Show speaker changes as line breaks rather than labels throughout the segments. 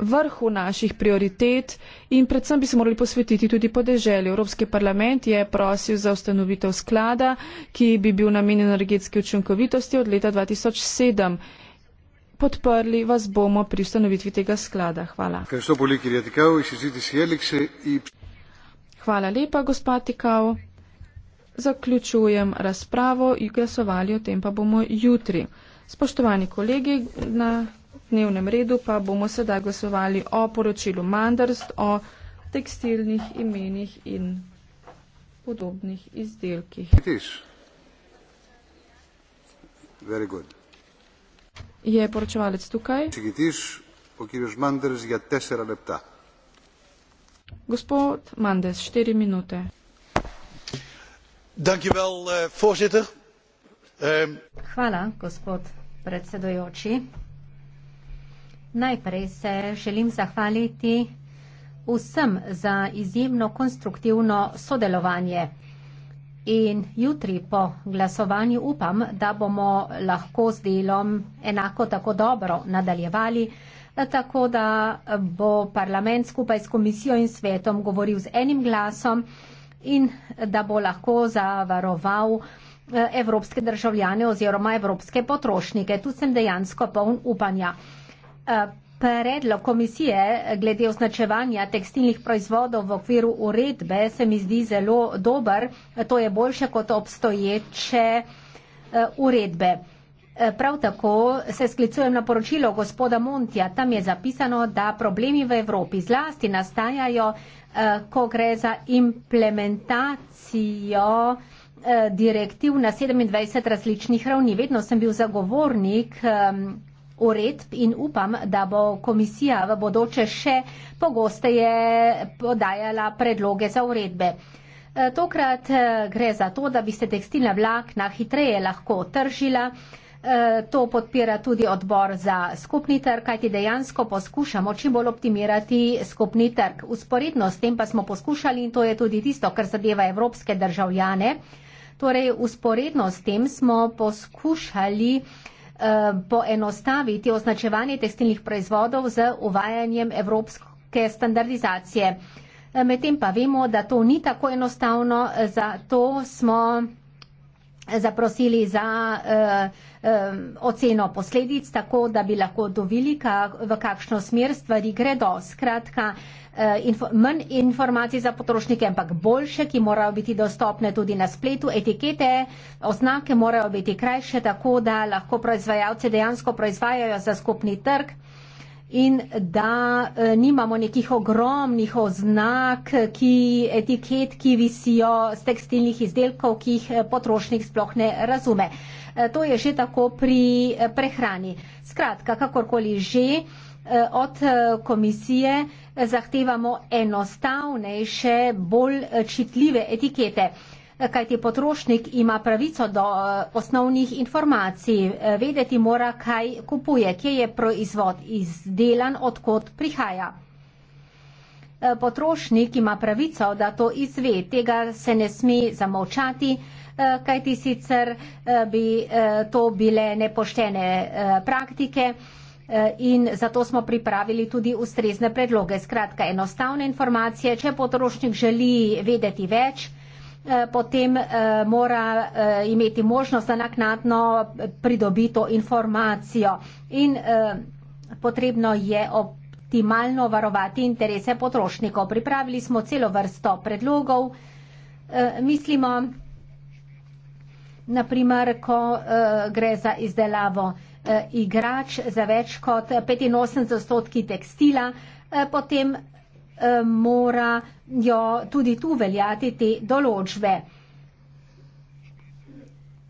vrhu naših prioritet in predvsem bi se morali posvetiti tudi podeželju. Evropski parlament je prosil za ustanovitev sklada, ki bi bil namenjen energetski učinkovitosti od leta 2007. Podprli vas bomo pri ustanovitvi tega sklada. Hvala. Hvala lepa, gospod Tikav. Zaključujem razpravo in glasovali o tem pa bomo jutri. Spoštovani kolegi, na dnevnem redu pa bomo sedaj glasovali o poročilu Mandrst, o tekstilnih imenih in podobnih izdelkih. Je poročevalec tukaj? Ja, gospod Mandes, štiri minute. Dankjewel, eh, voorzitter. Ehm,
Hvala, gospod predsedujoči. Najprej se želim zahvaliti vsem za izjemno konstruktivno sodelovanje. In jutri po glasovanju upam, da bomo lahko z delom enako tako dobro nadaljevali, tako da bo parlament skupaj s komisijo in svetom govoril z enim glasom in da bo lahko zavaroval eh, evropske državljane oziroma evropske potrošnike. Tu sem dejansko poln upanja. Eh, predlog komisije glede označevanja tekstilnih proizvodov v okviru uredbe se mi zdi zelo dober. To je boljše kot obstoječe eh, uredbe. Eh, prav tako se sklicujem na poročilo gospoda Montija. Tam je zapisano, da problemi v Evropi zlasti nastajajo, ko gre za implementacijo direktiv na 27 različnih ravni. Vedno sem bil zagovornik uredb in upam, da bo komisija v bodoče še pogosteje podajala predloge za uredbe. E, tokrat e, gre za to, da bi se tekstilna vlakna hitreje lahko tržila. E, to podpira tudi odbor za skupni trg, kajti dejansko poskušamo čim bolj optimirati skupni trg. Usporedno s tem pa smo poskušali, in to je tudi tisto, kar zadeva evropske državljane, torej usporedno s tem smo poskušali uh, Eh, poenostaviti označevanje tekstilnih proizvodov z uvajanjem evropske standardizacije. Eh, medtem pa vemo, da to ni tako enostavno, eh, zato smo zaprosili za uh, Um, oceno posledic, tako da bi lahko dovili, v kakšno smer stvari gredo. Skratka, uh, manj informacij za potrošnike, ampak boljše, ki morajo biti dostopne tudi na spletu. Etikete, oznake morajo biti krajše, tako da lahko proizvajalce dejansko proizvajajo za skupni trg in da uh, nimamo nekih ogromnih oznak, ki, etiket, ki visijo z tekstilnih izdelkov, ki jih uh, potrošnik sploh ne razume. Eh, to je že tako pri eh, prehrani. Skratka, kakorkoli že, eh, od komisije zahtevamo enostavnejše, bolj čitljive etikete kajti potrošnik ima pravico do osnovnih informacij, vedeti mora, kaj kupuje, kje je proizvod izdelan, odkot prihaja. Potrošnik ima pravico, da to izve, tega se ne sme zamovčati, Eh, kajti sicer eh, bi eh, to bile nepoštene praktike in zato smo pripravili tudi ustrezne predloge. Skratka, enostavne informacije, če potrošnik želi vedeti več, potem mora imeti možnost, da naknadno pridobi to informacijo in potrebno je optimalno varovati interese potrošnikov. Pripravili smo celo vrsto predlogov. Mislimo, naprimer, ko uh, gre za izdelavo uh, igrač za več kot 85 odstotki tekstila, uh, potem uh, morajo tudi tu veljati te določbe.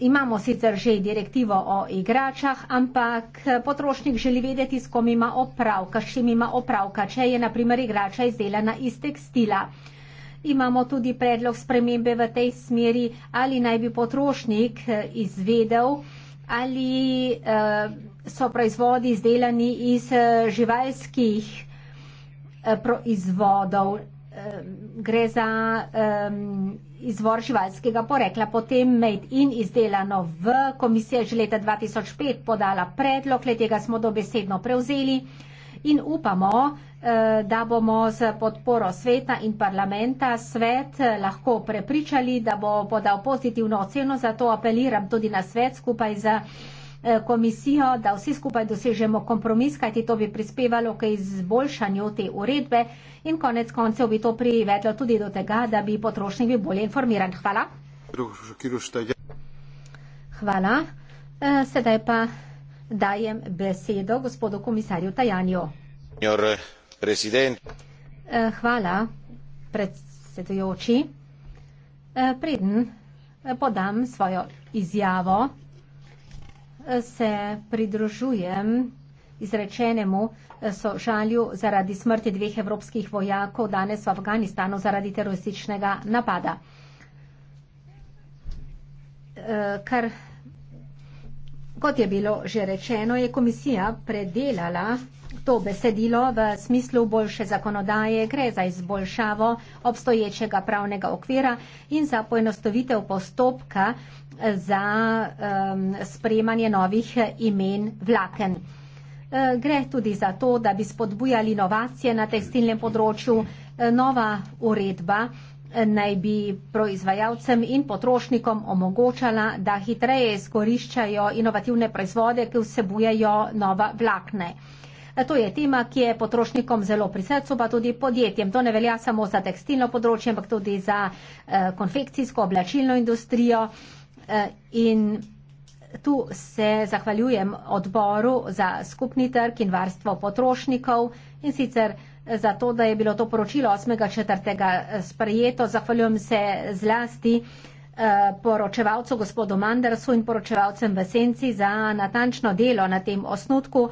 Imamo sicer že direktivo o igračah, ampak potrošnik želi vedeti, s kom ima opravka, s čim ima opravka, če je naprimer igrača izdelana iz tekstila. Uh, imamo tudi predlog spremembe v tej smeri, ali naj bi potrošnik eh, izvedel, ali eh, so proizvodi izdelani iz eh, živalskih proizvodov, gre za izvor živalskega porekla. Potem Made in izdelano v komisije že leta 2005 podala predlog, letega smo dobesedno prevzeli in upamo, da Eh, da bomo z podporo sveta in parlamenta svet eh, lahko prepričali, da bo podal pozitivno oceno. Zato apeliram tudi na svet skupaj z eh, komisijo, da vsi skupaj dosežemo kompromis, kajti to bi prispevalo k izboljšanju te uredbe in konec koncev bi to privedlo tudi do tega, da bi potrošnik bil bolje informiran. Hvala. Hvala. Sedaj pa dajem besedo gospodu komisarju Tajanju. Signore. Eh, hvala, predsedujoči. Eh, preden eh, podam svojo izjavo, se pridružujem izrečenemu sožalju zaradi smrti dveh evropskih vojakov danes v Afganistanu zaradi terorističnega napada. Kar, kot je bilo že rečeno, je komisija predelala To besedilo v smislu boljše zakonodaje gre za izboljšavo obstoječega pravnega okvira in za poenostavitev postopka za um, sprejemanje novih imen vlaken. E, gre tudi za to, da bi spodbujali inovacije na tekstilnem področju. E, nova uredba e, naj bi proizvajalcem in potrošnikom omogočala, da hitreje izkoriščajo inovativne proizvode, ki vsebujejo nova vlakne. Uh, E, to je tema, ki je potrošnikom zelo pri srcu, pa tudi podjetjem. To ne velja samo za tekstilno področje, ampak tudi za e, konfekcijsko oblačilno industrijo. E, in tu se zahvaljujem odboru za skupni trg in varstvo potrošnikov in sicer za to, da je bilo to poročilo 8.4. sprejeto. Zahvaljujem se zlasti poročevalcu gospodu Mandersu in poročevalcem v Senci za natančno delo na tem osnutku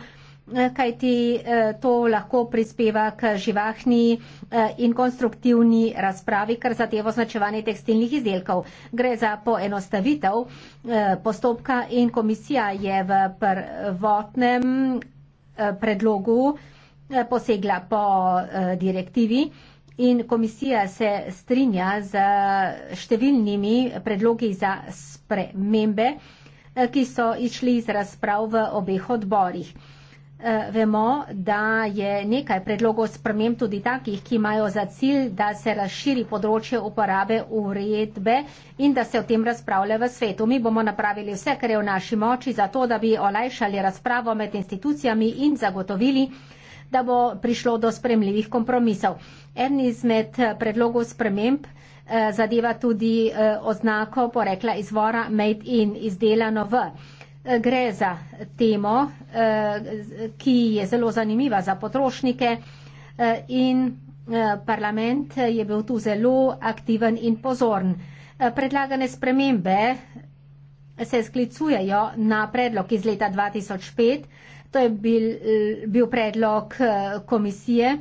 kajti eh, to lahko prispeva k živahni eh, in konstruktivni razpravi, kar zadeva označevanje tekstilnih izdelkov. Gre za poenostavitev eh, postopka in komisija je v prvotnem predlogu posegla po direktivi in komisija se strinja z številnimi predlogi za spremembe, ki so išli iz razprav v obeh odborih. Eh, vemo, da je nekaj predlogov sprememb tudi takih, ki imajo za cilj, da se razširi področje uporabe uredbe in da se o tem razpravlja v svetu. Mi bomo napravili vse, kar je v naši moči, zato da bi olajšali razpravo med institucijami in zagotovili, da bo prišlo do spremljivih kompromisov. En izmed eh, predlogov sprememb eh, zadeva tudi oznako porekla izvora Made in izdelano v gre za temo, eh, ki je zelo zanimiva za potrošnike eh, in eh, parlament je bil tu zelo aktiven in pozorn. Predlagane spremembe se sklicujejo na predlog iz leta 2005, to je bil, bil predlog komisije,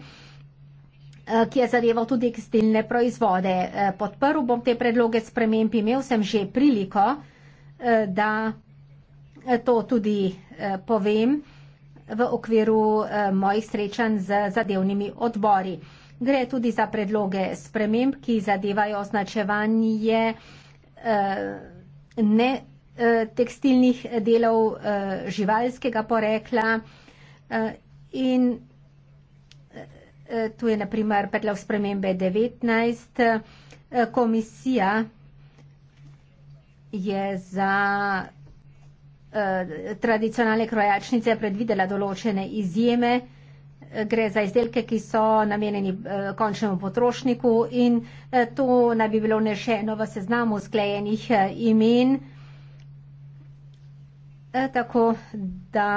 ki je zadeval tudi tekstilne proizvode. Podprl bom te predloge sprememb, imel sem že priliko, da Eh, to tudi eh, povem v okviru eh, mojih srečanj z zadevnimi odbori. Gre tudi za predloge sprememb, ki zadevajo označevanje ne tekstilnih delov živalskega porekla in tu je naprimer predlog spremembe 19. Komisija je za Eh, tradicionalne krojačnice predvidela določene izjeme. Eh, gre za izdelke, ki so namenjeni eh, končnemu potrošniku in to naj bi bilo nešeno v seznamu sklejenih imen. Tako da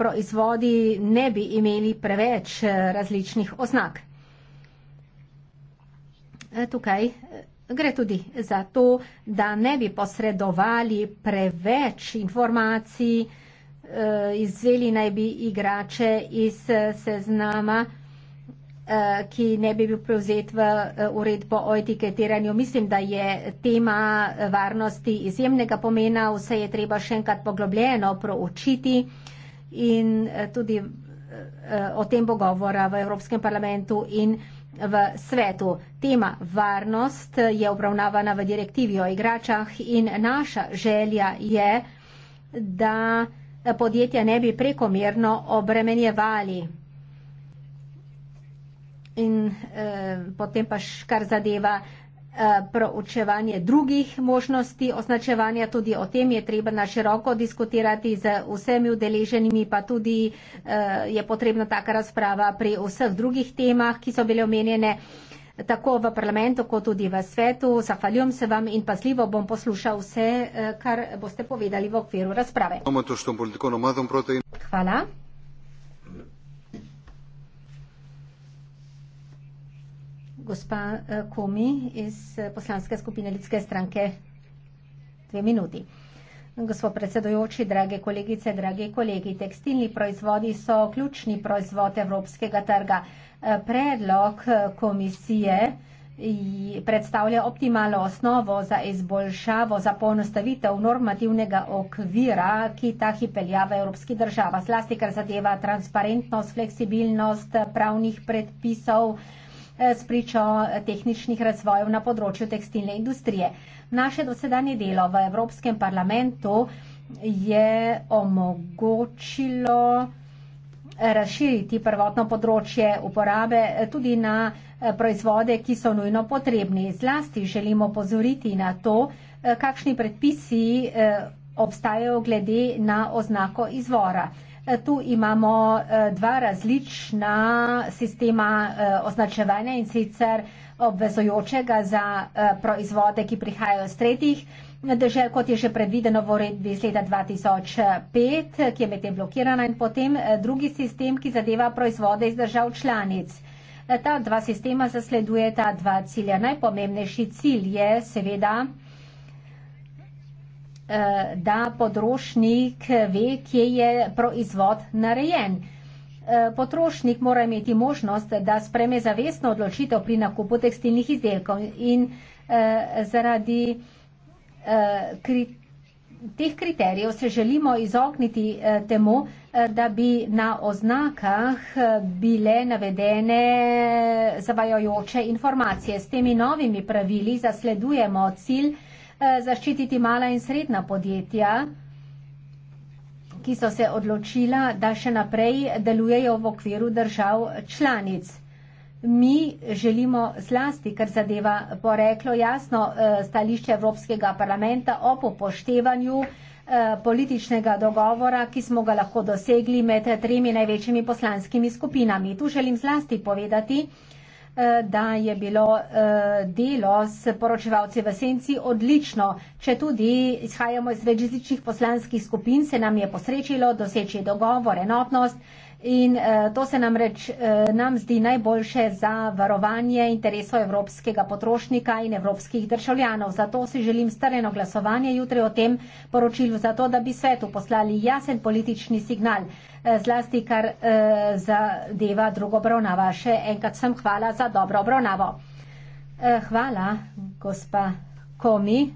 proizvodi ne bi imeli preveč različnih oznak. Tukaj Gre tudi za to, da ne bi posredovali preveč informacij, eh, izzeli naj bi igrače iz eh, seznama, eh, ki ne bi bil prevzet v uredbo o etiketiranju. Mislim, da je tema varnosti izjemnega pomena, vse je treba še enkrat poglobljeno proučiti in tudi o tem bo govora v Evropskem parlamentu in parlamentu v svetu. Tema varnost je obravnavana v direktivi o igračah in naša želja je, da podjetja ne bi prekomerno obremenjevali. In eh, potem pa, kar zadeva eh, Eh, proučevanje drugih možnosti označevanja, tudi o tem je treba na široko diskutirati z vsemi udeleženimi, pa tudi eh, je potrebna taka razprava pri vseh drugih temah, ki so bile omenjene tako v parlamentu, kot tudi v svetu. Zahvaljujem se vam in pasljivo bom poslušal vse, eh, kar boste povedali v okviru razprave. Hvala. gospa eh, Komi iz eh, poslanske skupine Lidske stranke. Dve minuti. Gospod predsedojoči, drage kolegice, drage kolegi, tekstilni proizvodi so ključni proizvod evropskega trga. Eh, predlog komisije predstavlja optimalno osnovo za izboljšavo, za ponostavitev normativnega okvira, ki ta hipelja v evropski država. Zlasti, kar zadeva transparentnost, fleksibilnost pravnih predpisov, Eh, spričo eh, tehničnih razvojev na področju tekstilne industrije. Naše dosedanje delo v Evropskem parlamentu je omogočilo eh, razširiti prvotno področje uporabe tudi na proizvode, ki so nujno potrebni. Zlasti želimo pozoriti na to, kakšni predpisi obstajajo glede na oznako izvora. Tu imamo eh, dva različna sistema eh, označevanja in sicer obvezojočega za eh, proizvode, ki prihajajo iz tretjih dežel, kot je že predvideno v uredbi iz leta 2005, ki je medtem blokirana in potem drugi sistem, ki zadeva proizvode iz držav članic. Ta dva sistema zasledujeta dva cilja. Najpomembnejši cilj je seveda Eh, da potrošnik ve, kje je proizvod narejen. Eh, potrošnik mora imeti možnost, da spreme zavestno odločitev pri nakupu tekstilnih izdelkov in eh, zaradi teh kriterijev se želimo izogniti temu, da bi na oznakah bile navedene zavajojoče informacije. S temi novimi pravili zasledujemo cilj, Eh, zaščititi mala in srednja podjetja, ki so se odločila, da še naprej delujejo v okviru držav članic. Mi želimo zlasti, kar zadeva poreklo jasno eh, stališče Evropskega parlamenta o upoštevanju eh, političnega dogovora, ki smo ga lahko dosegli med tremi največjimi poslanskimi skupinami. Tu želim zlasti povedati, Eh, da je bilo eh, delo s poročevalci v senci odlično. Če tudi izhajamo iz večjezičnih poslanskih skupin, se nam je posrečilo doseči dogovor, enotnost. In uh, to se nam reč uh, nam zdi najboljše za varovanje interesov evropskega potrošnika in evropskih državljanov. Zato si želim streno glasovanje jutri o tem poročilu, zato da bi svetu poslali jasen politični signal, uh, zlasti kar uh, zadeva drugo obravnavo. Še enkrat sem hvala za dobro obravnavo. Uh, hvala, gospa Komi.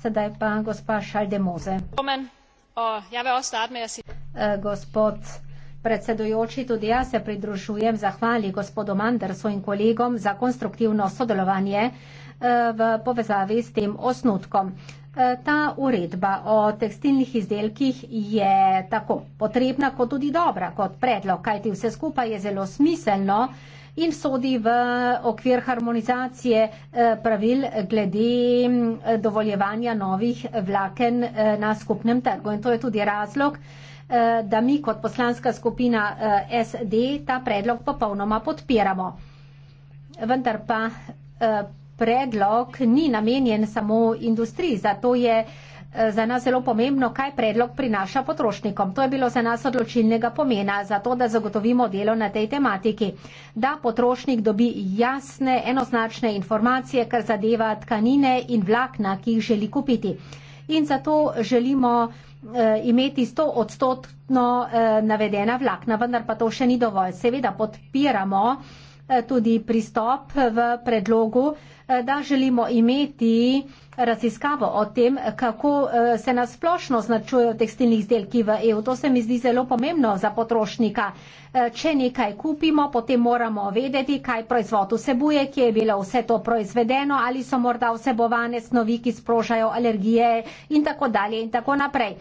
Sedaj pa gospa Šaldemoze. Uh, gospod. Predsedujoči, tudi jaz se pridružujem zahvali gospodu Mandersu in kolegom za konstruktivno sodelovanje eh, v povezavi s tem osnutkom. Eh, ta uredba o tekstilnih izdelkih je tako potrebna kot tudi dobra kot predlog, kajti vse skupaj je zelo smiselno in sodi v okvir harmonizacije eh, pravil glede dovoljevanja novih vlaken na skupnem trgu. In to je tudi razlog, Eh, da mi kot poslanska skupina eh, SD ta predlog popolnoma podpiramo. Vendar pa eh, predlog ni namenjen samo industriji, zato je za nas zelo pomembno, kaj predlog prinaša potrošnikom. To je bilo za nas odločilnega pomena, zato da zagotovimo delo na tej tematiki, da potrošnik dobi jasne, enoznačne informacije, kar zadeva tkanine in vlakna, ki jih želi kupiti. In zato želimo Eh, imeti 100 odstotno eh, navedena vlakna, vendar pa to še ni dovolj. Seveda podpiramo eh, tudi pristop v predlogu, da želimo imeti raziskavo o tem, kako eh, se nasplošno značujejo tekstilni izdelki v EU. To se mi zdi zelo pomembno za potrošnika. Eh, če nekaj kupimo, potem moramo vedeti, kaj proizvod vsebuje, kje je bilo vse to proizvedeno, ali so morda vsebovane snovi, ki sprožajo alergije in tako dalje in tako naprej.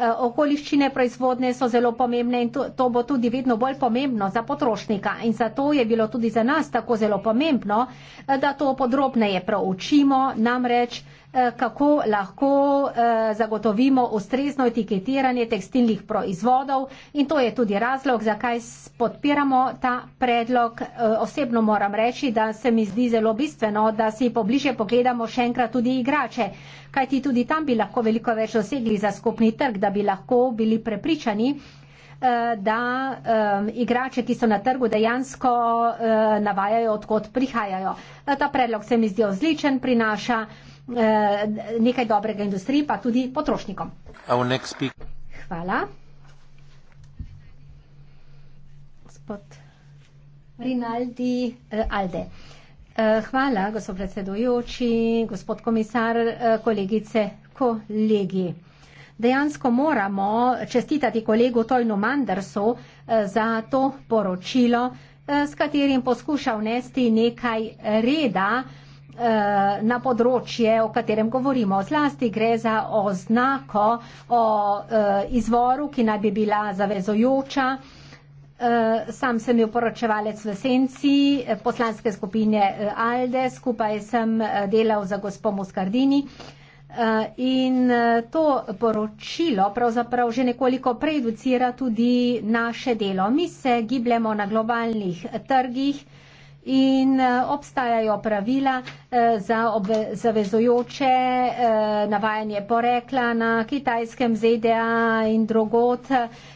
Eh, okoliščine proizvodne so zelo pomembne in to, to bo tudi vedno bolj pomembno za potrošnika. In zato je bilo tudi za nas tako zelo pomembno, eh, da to podrobneje proučimo, namreč Eh, kako lahko eh, zagotovimo ustrezno etiketiranje tekstilnih proizvodov in to je tudi razlog, zakaj podpiramo ta predlog. Eh, osebno moram reči, da se mi zdi zelo bistveno, da si pobliže pogledamo še enkrat tudi igrače, kajti tudi tam bi lahko veliko več dosegli za skupni trg, da bi lahko bili prepričani da um, igrače, ki so na trgu, dejansko uh, navajajo, odkot prihajajo. Ta predlog se mi zdi odličen, prinaša uh, Eh, nekaj dobrega industriji, pa tudi potrošnikom. Hvala. Gospod Rinaldi eh, Alde. Eh, hvala, gospod predsedujoči, gospod komisar, kolegice, kolegi. Dejansko moramo čestitati kolegu Tojnu Mandersu za to poročilo, s katerim poskuša vnesti nekaj reda Eh, na področje, o katerem govorimo. Zlasti gre za oznako o eh, izvoru, ki naj bi bila zavezojoča. Eh, sam sem je poročevalec v Senci poslanske skupine Alde, skupaj sem delal za gospod Moskardini. In to poročilo pravzaprav že nekoliko preducira tudi naše delo. Mi se gibljemo na globalnih trgih, in eh, obstajajo pravila eh, za zavezojoče eh, navajanje porekla na kitajskem ZDA in drugot.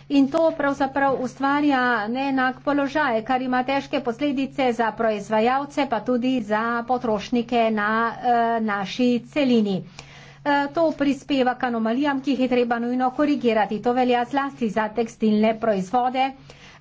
In to pravzaprav ustvarja neenak položaj, kar ima težke posledice za proizvajalce, pa tudi za potrošnike na naši celini. To prispeva k anomalijam, ki jih je treba nujno korigirati. To velja zlasti za tekstilne proizvode.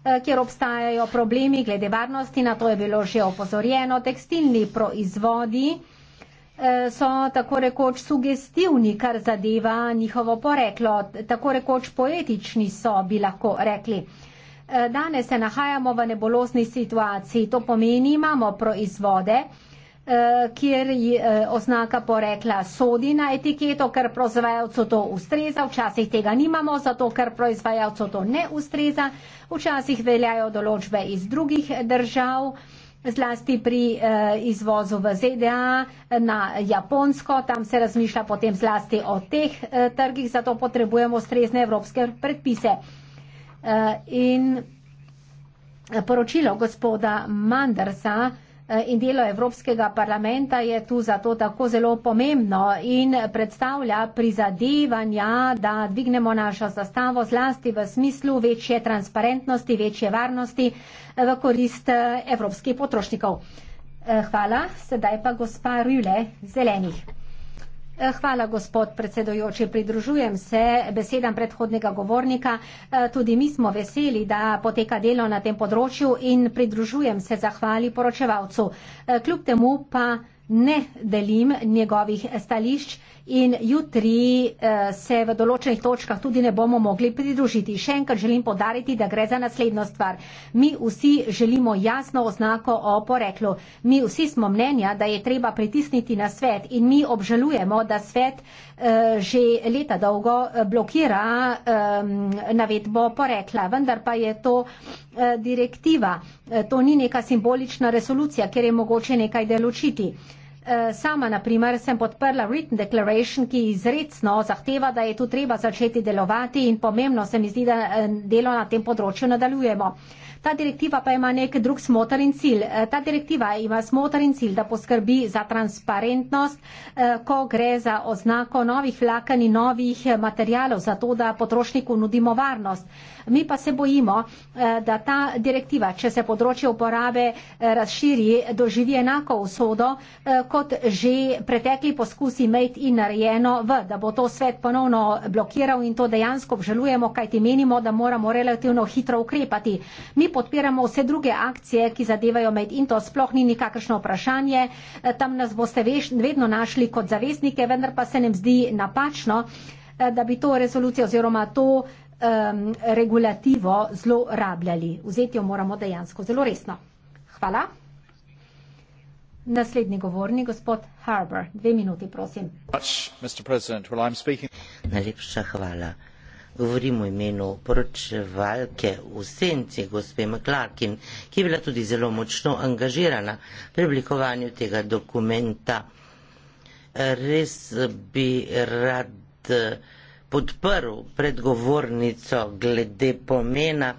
Eh, kjer obstajajo problemi glede varnosti, na to je bilo že opozorjeno. Tekstilni proizvodi eh, so tako rekoč sugestivni, kar zadeva njihovo poreklo, tako rekoč poetični so, bi lahko rekli. Eh, danes se nahajamo v nebolosni situaciji, to pomeni, imamo proizvode, Eh, kjer eh, oznaka porekla sodi na etiketo, ker proizvajalcu to ustreza, včasih tega nimamo, zato ker proizvajalcu to ne ustreza, včasih veljajo določbe iz drugih držav, zlasti pri eh, izvozu v ZDA na Japonsko, tam se razmišlja potem zlasti o teh trgih, zato potrebujemo ustrezne evropske predpise. In poročilo gospoda Mandersa, Eh, in delo Evropskega parlamenta je tu zato tako zelo pomembno in predstavlja prizadevanja, da dvignemo našo zastavo zlasti v smislu večje transparentnosti, večje varnosti eh, v korist eh, evropskih potrošnikov. Hvala, sedaj pa gospa Rjule Zelenih. Eh, hvala, gospod predsedojoči. Pridružujem se besedam predhodnega govornika. Eh, tudi mi smo veseli, da poteka delo na tem področju in pridružujem se zahvali poročevalcu. Eh, kljub temu pa ne delim njegovih stališč, in jutri eh, se v določenih točkah tudi ne bomo mogli pridružiti. Še enkrat želim podariti, da gre za naslednjo stvar. Mi vsi želimo jasno oznako o poreklu. Mi vsi smo mnenja, da je treba pritisniti na svet in mi obžalujemo, da svet eh, že leta dolgo eh, blokira ehm, navedbo porekla, vendar pa je to direktiva. To ni neka simbolična resolucija, ker je mogoče nekaj delučiti. Eh, sama, na primer, sem podprla written declaration, ki izredno zahteva, da je tu treba začeti delovati in pomembno se mi zdi, da eh, delo na tem področju nadaljujemo. Ta direktiva pa ima nek drug smotr in cilj. E, ta direktiva ima smotr in cilj, da poskrbi za transparentnost, e, ko gre za oznako novih vlaken in novih e, materijalov, zato da potrošniku nudimo varnost. Mi pa se bojimo, da ta direktiva, če se področje uporabe razširi, doživi enako usodo kot že pretekli poskusi Made in narejeno v, da bo to svet ponovno blokiral in to dejansko obžalujemo, kajti menimo, da moramo relativno hitro ukrepati. Mi podpiramo vse druge akcije, ki zadevajo med in to sploh ni nikakršno vprašanje. E, tam nas boste veš, vedno našli kot zavestnike, vendar pa se nam zdi napačno, e, da bi to rezolucijo oziroma to um, regulativo zelo rabljali. Vzeti jo moramo dejansko zelo resno. Hvala. Naslednji govornik, gospod Harbour. Dve minuti, prosim.
Najlepša hvala govorim o imenu poročevalke v senci, gospe Maklarkin, ki je bila tudi zelo močno angažirana pri oblikovanju tega dokumenta. Res bi rad eh, podprl predgovornico glede pomena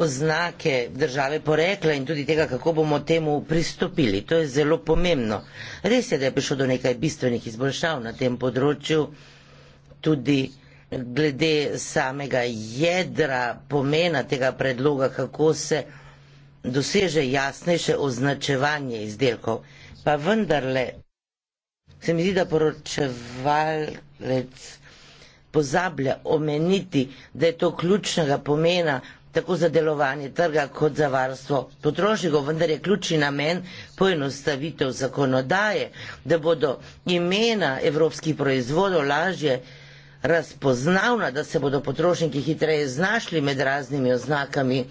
oznake države porekla in tudi tega, kako bomo temu pristopili. To je zelo pomembno. Res je, da je prišlo do nekaj bistvenih izboljšav na tem področju, tudi glede samega jedra pomena tega predloga, kako se doseže jasnejše označevanje izdelkov. Pa vendarle se mi zdi, da poročevalec pozablja omeniti, da je to ključnega pomena tako za delovanje trga kot za varstvo potrošnikov, vendar je ključni namen poenostavitev zakonodaje, da bodo imena evropskih proizvodov lažje razpoznavna, da se bodo potrošniki hitreje znašli med raznimi oznakami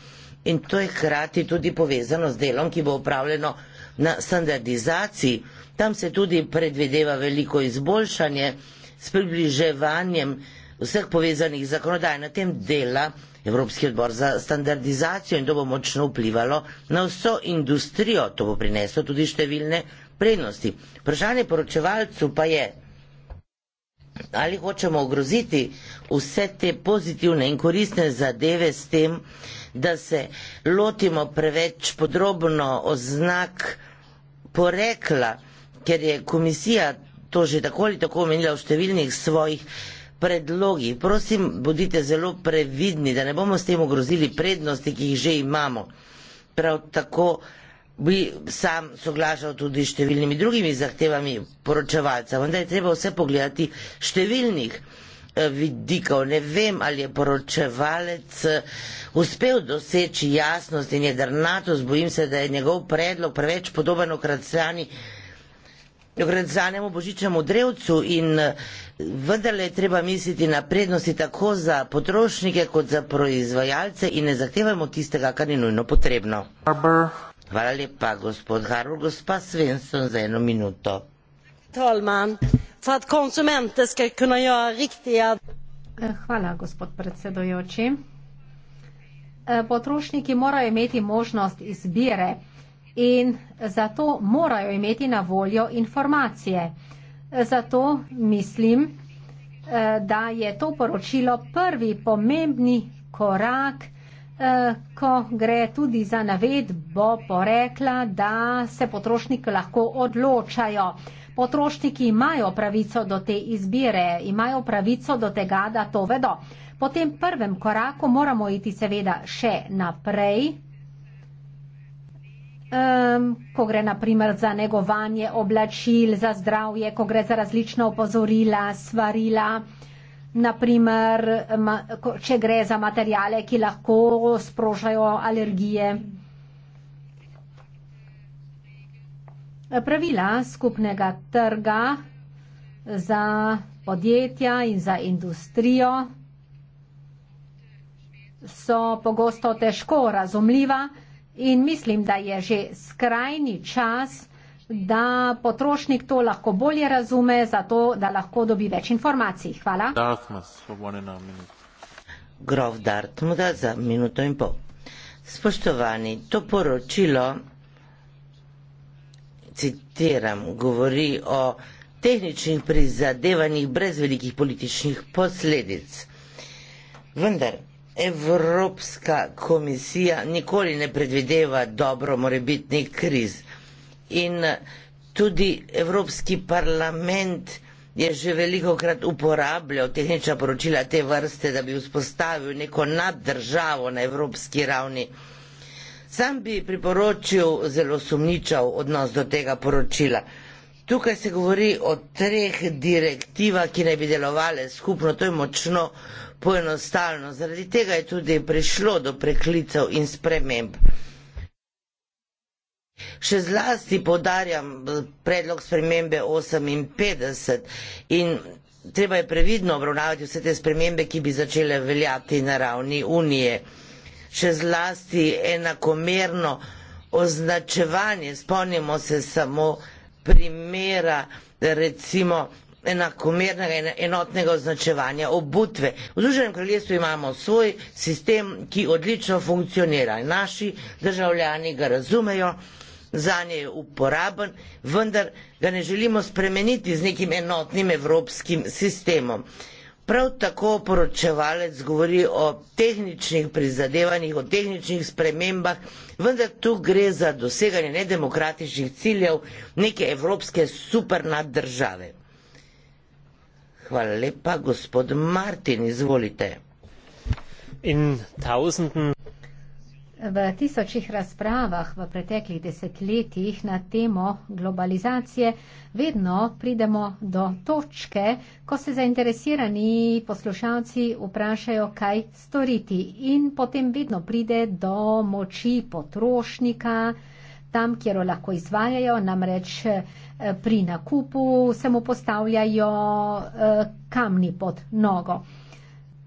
in to je hkrati tudi povezano z delom, ki bo upravljeno na standardizaciji. Tam se tudi predvideva veliko izboljšanje s približevanjem vseh povezanih zakonodaj. Na tem dela Evropski odbor za standardizacijo in to bo močno vplivalo na vso industrijo. To bo prineslo tudi številne prednosti. Vprašanje poročevalcu pa je, ali hočemo ogroziti vse te pozitivne in koristne zadeve s tem, da se lotimo preveč podrobno oznak porekla, ker je komisija to že tako ali tako omenila v številnih svojih predlogi. Prosim, bodite zelo previdni, da ne bomo s tem ogrozili prednosti, ki jih že imamo. Prav tako bi sam soglašal tudi s številnimi drugimi zahtevami poročevalca, vendar je treba vse pogledati številnih eh, vidikov. Ne vem, ali je poročevalec eh, uspel doseči jasnost in jedrnatost, bojim se, da je njegov predlog preveč podoben okracljani. Ogrenzanemu božičnemu drevcu in eh, vendar je treba misliti na prednosti tako za potrošnike kot za proizvajalce in ne zahtevamo tistega, kar je nujno potrebno. Arbor. Hvala lepa, gospod Harul. Gospa Svensson, za eno minuto. Talman, za to konsumente skaj kunajo riktija. Hvala, gospod
predsedojoči. E, potrošniki morajo imeti možnost izbire in zato morajo imeti na voljo informacije. E, zato mislim, e, da je to poročilo prvi pomembni korak, Eh, ko gre tudi za navedbo porekla, da se potrošniki lahko odločajo. Potrošniki imajo pravico do te izbire, imajo pravico do tega, da to vedo. Po tem prvem koraku moramo iti seveda še naprej, um, ko gre naprimer za negovanje oblačil, za zdravje, ko gre za različna opozorila, svarila naprimer, če gre za materijale, ki lahko sprožajo alergije. Pravila skupnega trga za podjetja in za industrijo so pogosto težko razumljiva in mislim, da je že skrajni čas, da potrošnik to lahko bolje razume, zato da lahko dobi več informacij. Hvala.
Grof Dartmuda za minuto in pol. Spoštovani, to poročilo, citiram, govori o tehničnih prizadevanjih brez velikih političnih posledic. Vendar Evropska komisija nikoli ne predvideva dobro morebitnih kriz in tudi Evropski parlament je že veliko krat uporabljal tehnična poročila te vrste, da bi vzpostavil neko naddržavo na evropski ravni. Sam bi priporočil zelo sumničav odnos do tega poročila. Tukaj se govori o treh direktivah, ki naj bi delovale skupno, to je močno poenostalno. Zaradi tega je tudi prišlo do preklicev in sprememb. Še zlasti podarjam eh, predlog spremembe 58 in treba je previdno obravnavati vse te spremembe, ki bi začele veljati na ravni Unije. Še zlasti enakomerno označevanje, spomnimo se samo primera recimo enakomernega in enotnega označevanja obutve. V Združenem kraljestvu imamo svoj sistem, ki odlično funkcionira. Naši državljani ga razumejo zanje je uporaben, vendar ga ne želimo spremeniti z nekim enotnim evropskim sistemom. Prav tako poročevalec govori o tehničnih prizadevanjih, o tehničnih spremembah, vendar tu gre za doseganje nedemokratičnih ciljev neke evropske supernaddržave. Hvala lepa, gospod Martin, izvolite. In tausenden
V tisočih razpravah v preteklih desetletjih na temo globalizacije vedno pridemo do točke, ko se zainteresirani poslušalci vprašajo, kaj storiti in potem vedno pride do moči potrošnika, tam, kjer jo lahko izvajajo, namreč eh, pri nakupu se mu postavljajo eh, kamni pod nogo.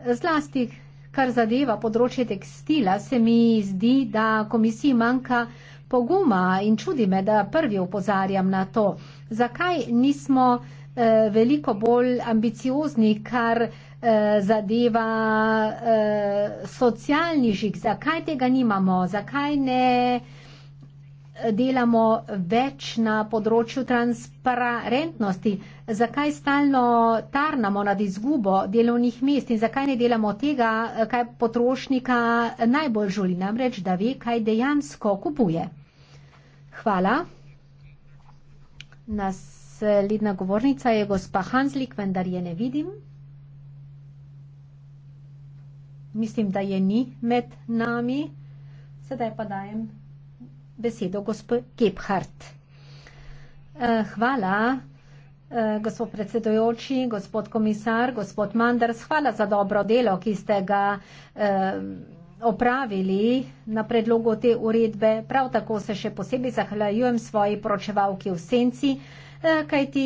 Zlasti Kar zadeva področje tekstila, se mi zdi, da komisiji manjka poguma in čudi me, da prvi upozarjam na to, zakaj nismo eh, veliko bolj ambiciozni, kar eh, zadeva eh, socialni žig, zakaj tega nimamo, zakaj ne. Eh, delamo več na področju transparentnosti? Zakaj stalno tarnamo nad izgubo delovnih mest in zakaj ne delamo tega, kaj potrošnika najbolj želi, namreč da ve, kaj dejansko kupuje? Hvala. Naslednja govornica je gospa Hanslik, vendar je ne vidim. Mislim, da je ni med nami. Sedaj pa dajem besedo gospod Gebhardt. Eh, hvala, eh, gospod predsedujoči, gospod komisar, gospod Manders, hvala za dobro delo, ki ste ga eh, opravili na predlogu te uredbe. Prav tako se še posebej zahvaljujem svoji poročevalki v senci, kajti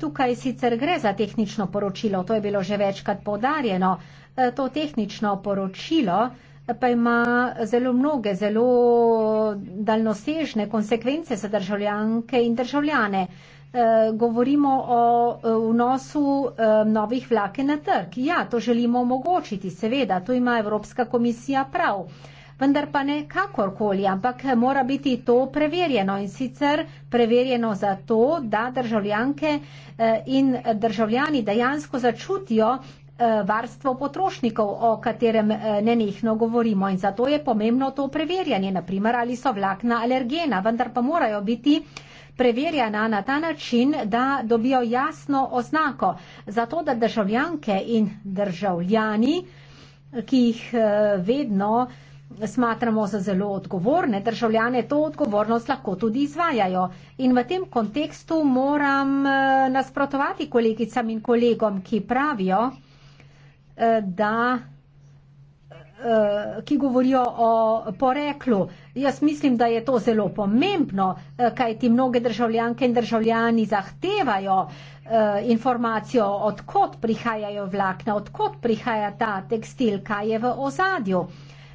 tukaj sicer gre za tehnično poročilo, to je bilo že večkrat podarjeno. To tehnično poročilo pa ima zelo mnoge, zelo daljnosežne konsekvence za državljanke in državljane. Eh, govorimo o eh, vnosu eh, novih vlake na trg. Ja, to želimo omogočiti, seveda, to ima Evropska komisija prav. Vendar pa ne kakorkoli, ampak mora biti to preverjeno in sicer preverjeno zato, da državljanke in državljani dejansko začutijo, Eh, varstvo potrošnikov, o katerem eh, nenehno govorimo in zato je pomembno to preverjanje, naprimer ali so vlakna alergena, vendar pa morajo biti preverjena na ta način, da dobijo jasno oznako, zato da državljanke in državljani, ki jih eh, vedno smatramo za zelo odgovorne državljane, to odgovornost lahko tudi izvajajo. In v tem kontekstu moram nasprotovati kolegicam in kolegom, ki pravijo, da, eh, ki govorijo o poreklu. Jaz mislim, da je to zelo pomembno, eh, kaj ti mnoge državljanke in državljani zahtevajo eh, informacijo, odkot prihajajo vlakna, odkot prihaja ta tekstil, kaj je v ozadju.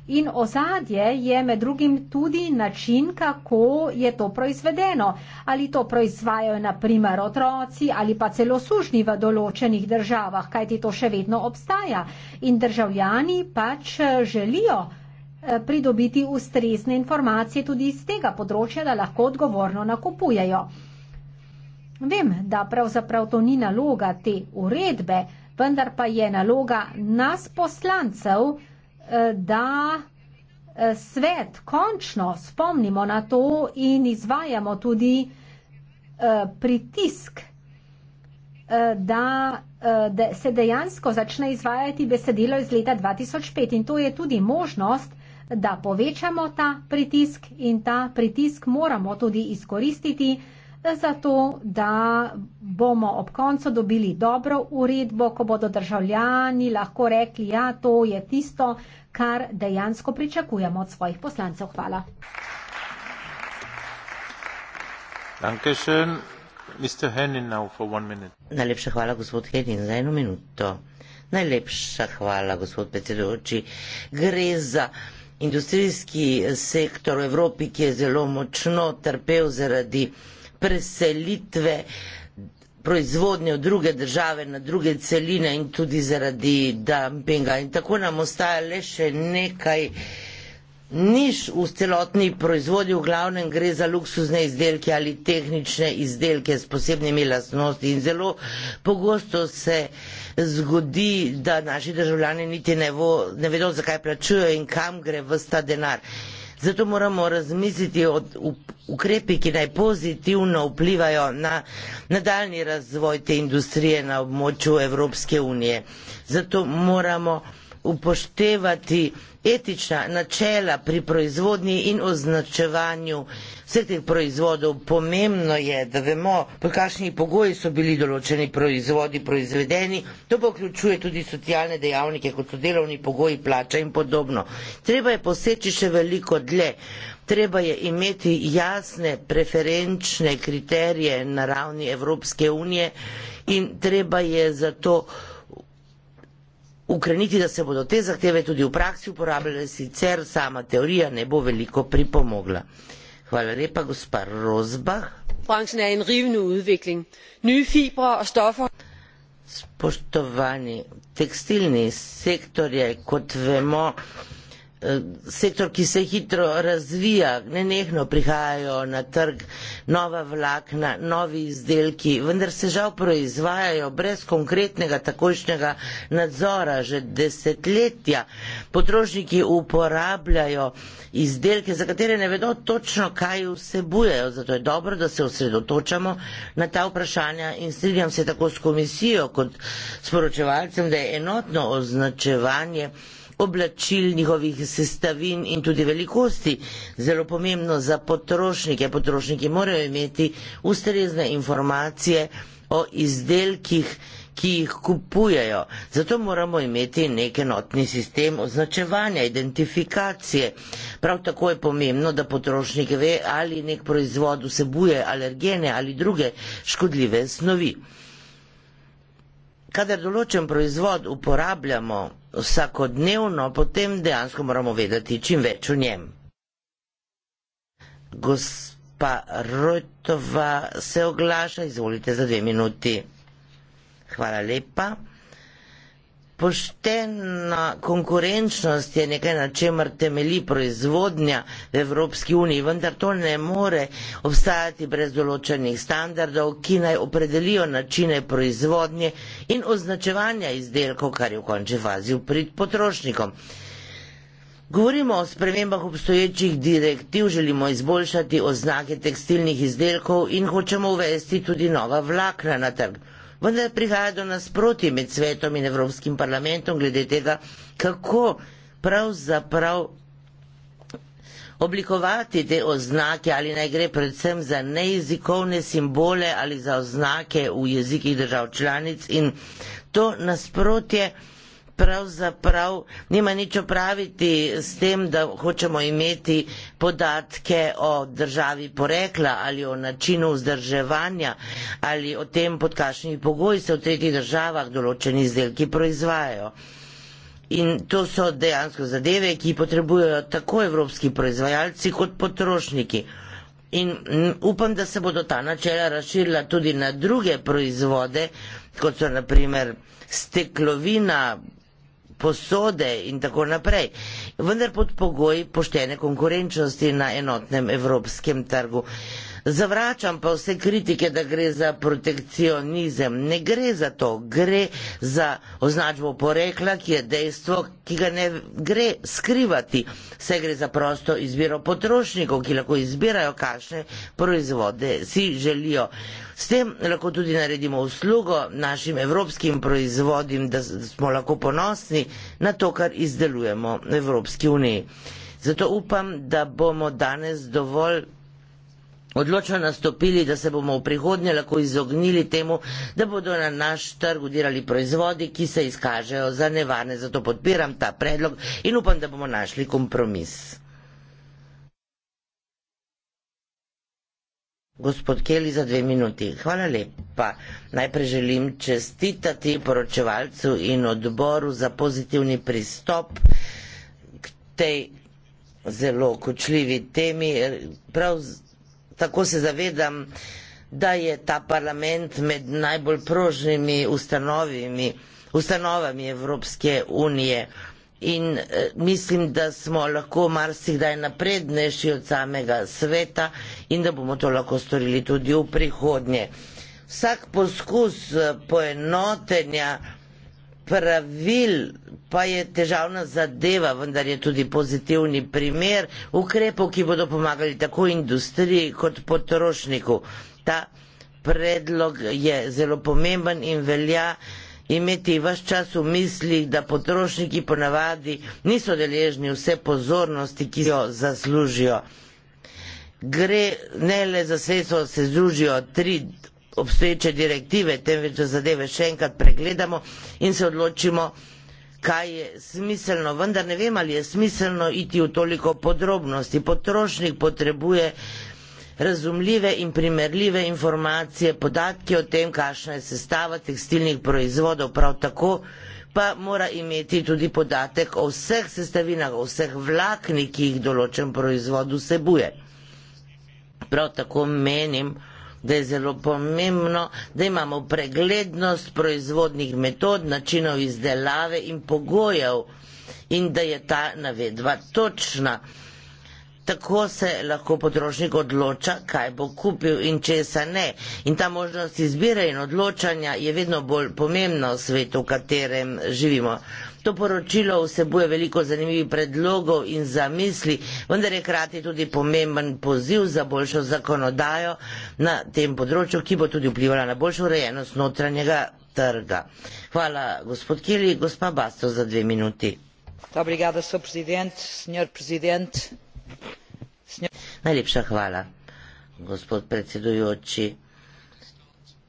In ozadje je med drugim tudi način, kako je to proizvedeno. Ali to proizvajajo naprimer otroci ali pa celo sužnji v določenih državah, kajti to še vedno obstaja. In državljani pač eh, želijo eh, pridobiti ustrezne informacije tudi iz tega področja, da lahko odgovorno nakupujejo. Vem, da pravzaprav to ni naloga te uredbe, vendar pa je naloga nas poslancev, da eh, svet končno spomnimo na to in izvajamo tudi eh, pritisk, eh, da se dejansko začne izvajati besedilo iz leta 2005 in to je tudi možnost, da povečamo ta pritisk in ta pritisk moramo tudi izkoristiti zato, da bomo ob koncu dobili dobro uredbo, ko bodo državljani lahko rekli, ja, to je tisto, kar dejansko pričakujemo od svojih poslancev. Hvala.
Najlepša hvala, gospod Henning, za eno minuto. Najlepša hvala, gospod predsedujoči. Gre za industrijski sektor v Evropi, ki je zelo močno trpel zaradi preselitve proizvodnje v druge države, na druge celine in tudi zaradi dumpinga. In tako nam ostaja le še nekaj niš v celotni proizvodnji, v glavnem gre za luksuzne izdelke ali tehnične izdelke s posebnimi lastnosti in zelo pogosto se zgodi, da naši državljani niti ne, vo, ne vedo, zakaj plačujejo in kam gre vsta denar. Zato moramo razmisliti o ukrepih, ki naj pozitivno vplivajo na nadaljni razvoj te industrije na območju Evropske unije. Zato moramo upoštevati etična načela pri proizvodnji in označevanju vseh teh proizvodov. Pomembno je, da vemo, pod kakšni pogoji so bili določeni proizvodi proizvedeni. To pa vključuje tudi socialne dejavnike, kot so delovni pogoji, plača in podobno. Treba je poseči še veliko dlje. Treba je imeti jasne preferenčne kriterije na ravni Evropske unije in treba je zato ukreniti, da se bodo te zahteve tudi v praksi uporabljale, sicer sama teorija ne bo veliko pripomogla. Hvala lepa, gospa Rozbah.
Branchen je er en rivni udvikling. Nye fibre
in stoffer. Spoštovani, tekstilni sektor je, kot vemo, Eh, sektor, ki se hitro razvija, nenehno prihajajo na trg nova vlakna, novi izdelki, vendar se žal proizvajajo brez konkretnega takojšnjega nadzora že desetletja. Potrošniki uporabljajo izdelke, za katere ne vedo točno, kaj vsebujejo. Zato je dobro, da se osredotočamo na ta vprašanja in strinjam se tako s komisijo kot sporočevalcem, da je enotno označevanje oblačil, njihovih sestavin in tudi velikosti. Zelo pomembno za potrošnike. Potrošniki morajo imeti ustrezne informacije o izdelkih, ki jih kupujejo. Zato moramo imeti nek enotni sistem označevanja, identifikacije. Prav tako je pomembno, da potrošnik ve, ali nek proizvod vsebuje alergene ali druge škodljive snovi kadar določen proizvod uporabljamo vsakodnevno, potem dejansko moramo vedeti čim več o njem. Gospa Rojtova se oglaša, izvolite za dve minuti. Hvala lepa. Poštena konkurenčnost je nekaj, na čemer temelji proizvodnja v Evropski uniji, vendar to ne more obstajati brez določenih standardov, ki naj opredelijo načine proizvodnje in označevanja izdelkov, kar je v končni fazi prid potrošnikom. Govorimo o spremembah obstoječih direktiv, želimo izboljšati oznake tekstilnih izdelkov in hočemo uvesti tudi nova vlakna na trg vendar prihaja do nasprotja med svetom in Evropskim parlamentom glede tega, kako pravzaprav oblikovati te oznake ali naj gre predvsem za nejezikovne simbole ali za oznake v jezikih držav članic in to nasprotje pravzaprav nima nič opraviti s tem, da hočemo imeti podatke o državi porekla ali o načinu vzdrževanja ali o tem, pod kakšnimi pogoji se v tretjih državah določeni izdelki proizvajajo. In to so dejansko zadeve, ki potrebujejo tako evropski proizvajalci kot potrošniki. In upam, da se bodo ta načela razširila tudi na druge proizvode, kot so naprimer steklovina, posode in tako naprej, vendar pod pogoji poštene konkurenčnosti na enotnem evropskem trgu. Zavračam pa vse kritike, da gre za protekcionizem. Ne gre za to, gre za označbo porekla, ki je dejstvo, ki ga ne gre skrivati. Vse gre za prosto izbiro potrošnikov, ki lahko izbirajo, kakšne proizvode si želijo. S tem lahko tudi naredimo uslugo našim evropskim proizvodim, da smo lahko ponosni na to, kar izdelujemo v Evropski uniji. Zato upam, da bomo danes dovolj odločno nastopili, da se bomo v prihodnje lahko izognili temu, da bodo na naš trg udirali proizvodi, ki se izkažejo za nevarne. Zato podpiram ta predlog in upam, da bomo našli kompromis. Gospod Keli za dve minuti. Hvala lepa. Najprej želim čestitati poročevalcu in odboru za pozitivni pristop k tej zelo kočljivi temi. Prav tako se zavedam, da je ta parlament med najbolj prožnimi ustanovami, ustanovami Evropske unije in eh, mislim, da smo lahko marsikdaj naprednejši od samega sveta in da bomo to lahko storili tudi v prihodnje. Vsak poskus eh, poenotenja pravil pa je težavna zadeva, vendar je tudi pozitivni primer ukrepov, ki bodo pomagali tako industriji kot potrošniku. Ta predlog je zelo pomemben in velja imeti vaš čas v mislih, da potrošniki ponavadi niso deležni vse pozornosti, ki jo zaslužijo. Gre ne le za sredstvo, se združijo tri obstoječe direktive, temveč za zadeve še enkrat pregledamo in se odločimo, kaj je smiselno, vendar ne vem, ali je smiselno iti v toliko podrobnosti. Potrošnik potrebuje razumljive in primerljive informacije, podatke o tem, kakšna je sestava tekstilnih proizvodov, prav tako pa mora imeti tudi podatek o vseh sestavinah, o vseh vlaknih, ki jih določen proizvod vsebuje. Prav tako menim, da je zelo pomembno, da imamo preglednost proizvodnih metod, načinov izdelave in pogojev in da je ta navedba točna. Tako se lahko potrošnik odloča, kaj bo kupil in česa ne. In ta možnost izbire in odločanja je vedno bolj pomembna v svetu, v katerem živimo. To poročilo vsebuje veliko zanimivih predlogov in zamisli, vendar je krati tudi pomemben poziv za boljšo zakonodajo na tem področju, ki bo tudi vplivala na boljšo urejenost notranjega trga. Hvala, gospod Kili, gospa Basto, za dve minuti. Obrigada, so prezident, senjor prezident. Senjor... Najlepša hvala, gospod predsedujoči.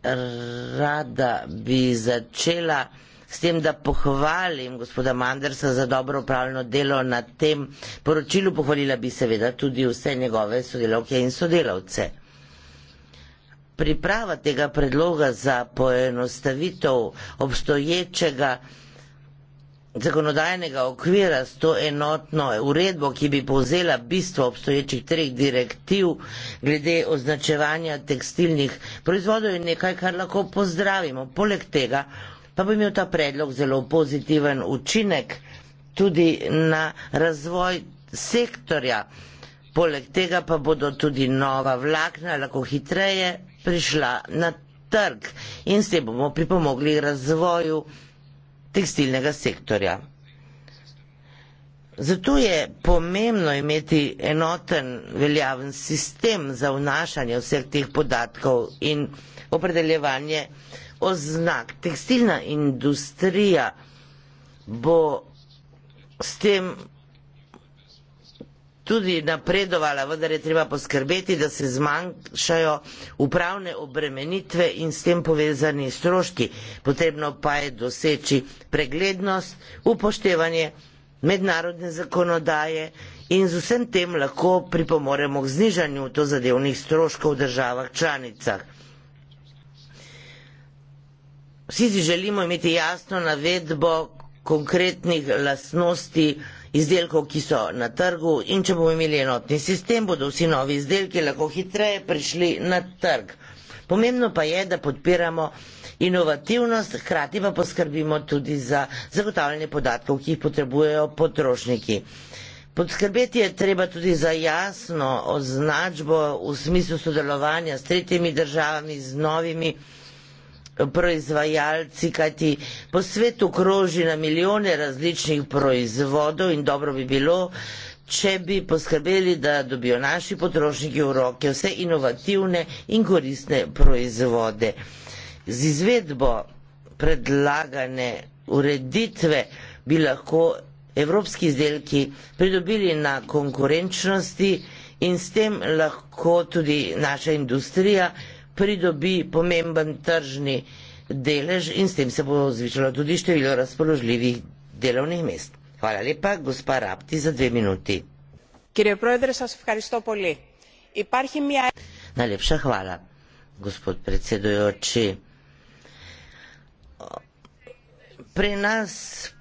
Rada bi začela s tem, da pohvalim gospoda Mandersa za dobro upravljeno delo na tem poročilu, pohvalila bi seveda tudi vse njegove sodelavke in sodelavce. Priprava tega predloga za poenostavitev obstoječega zakonodajnega okvira s to enotno uredbo, ki bi povzela bistvo obstoječih treh direktiv glede označevanja tekstilnih proizvodov, je nekaj, kar lahko pozdravimo. Poleg tega pa bi imel ta predlog zelo pozitiven učinek tudi na razvoj sektorja. Poleg tega pa bodo tudi nova vlakna lahko hitreje prišla na trg in s tem bomo pripomogli razvoju tekstilnega sektorja. Zato je pomembno imeti enoten veljaven sistem za vnašanje vseh teh podatkov in opredeljevanje oznak, tekstilna industrija bo s tem tudi napredovala, vendar je treba poskrbeti, da se zmanjšajo upravne obremenitve in s tem povezani stroški. Potrebno pa je doseči preglednost, upoštevanje mednarodne zakonodaje in z vsem tem lahko pripomoremo k znižanju to zadevnih stroškov v državah članicah. Vsi si želimo imeti jasno navedbo konkretnih lastnosti izdelkov, ki so na trgu in če bomo imeli enotni sistem, bodo vsi novi izdelki lahko hitreje prišli na trg. Pomembno pa je, da podpiramo inovativnost, hkrati pa poskrbimo tudi za zagotavljanje podatkov, ki jih potrebujejo potrošniki. Podskrbeti je treba tudi za jasno označbo v smislu sodelovanja s tretjimi državami, z novimi državami proizvajalci, kajti po svetu kroži na milijone različnih proizvodov in dobro bi bilo, če bi poskrbeli, da dobijo naši potrošniki v roke vse inovativne in koristne proizvode. Z izvedbo predlagane ureditve bi lahko evropski izdelki pridobili na konkurenčnosti in s tem lahko tudi naša industrija pridobi pomemben tržni delež in s tem se bo zvišalo tudi število razpoložljivih delovnih mest. Hvala lepa, gospa Rapti, za dve minuti. Najlepša hvala, gospod predsedujoči. Pri nas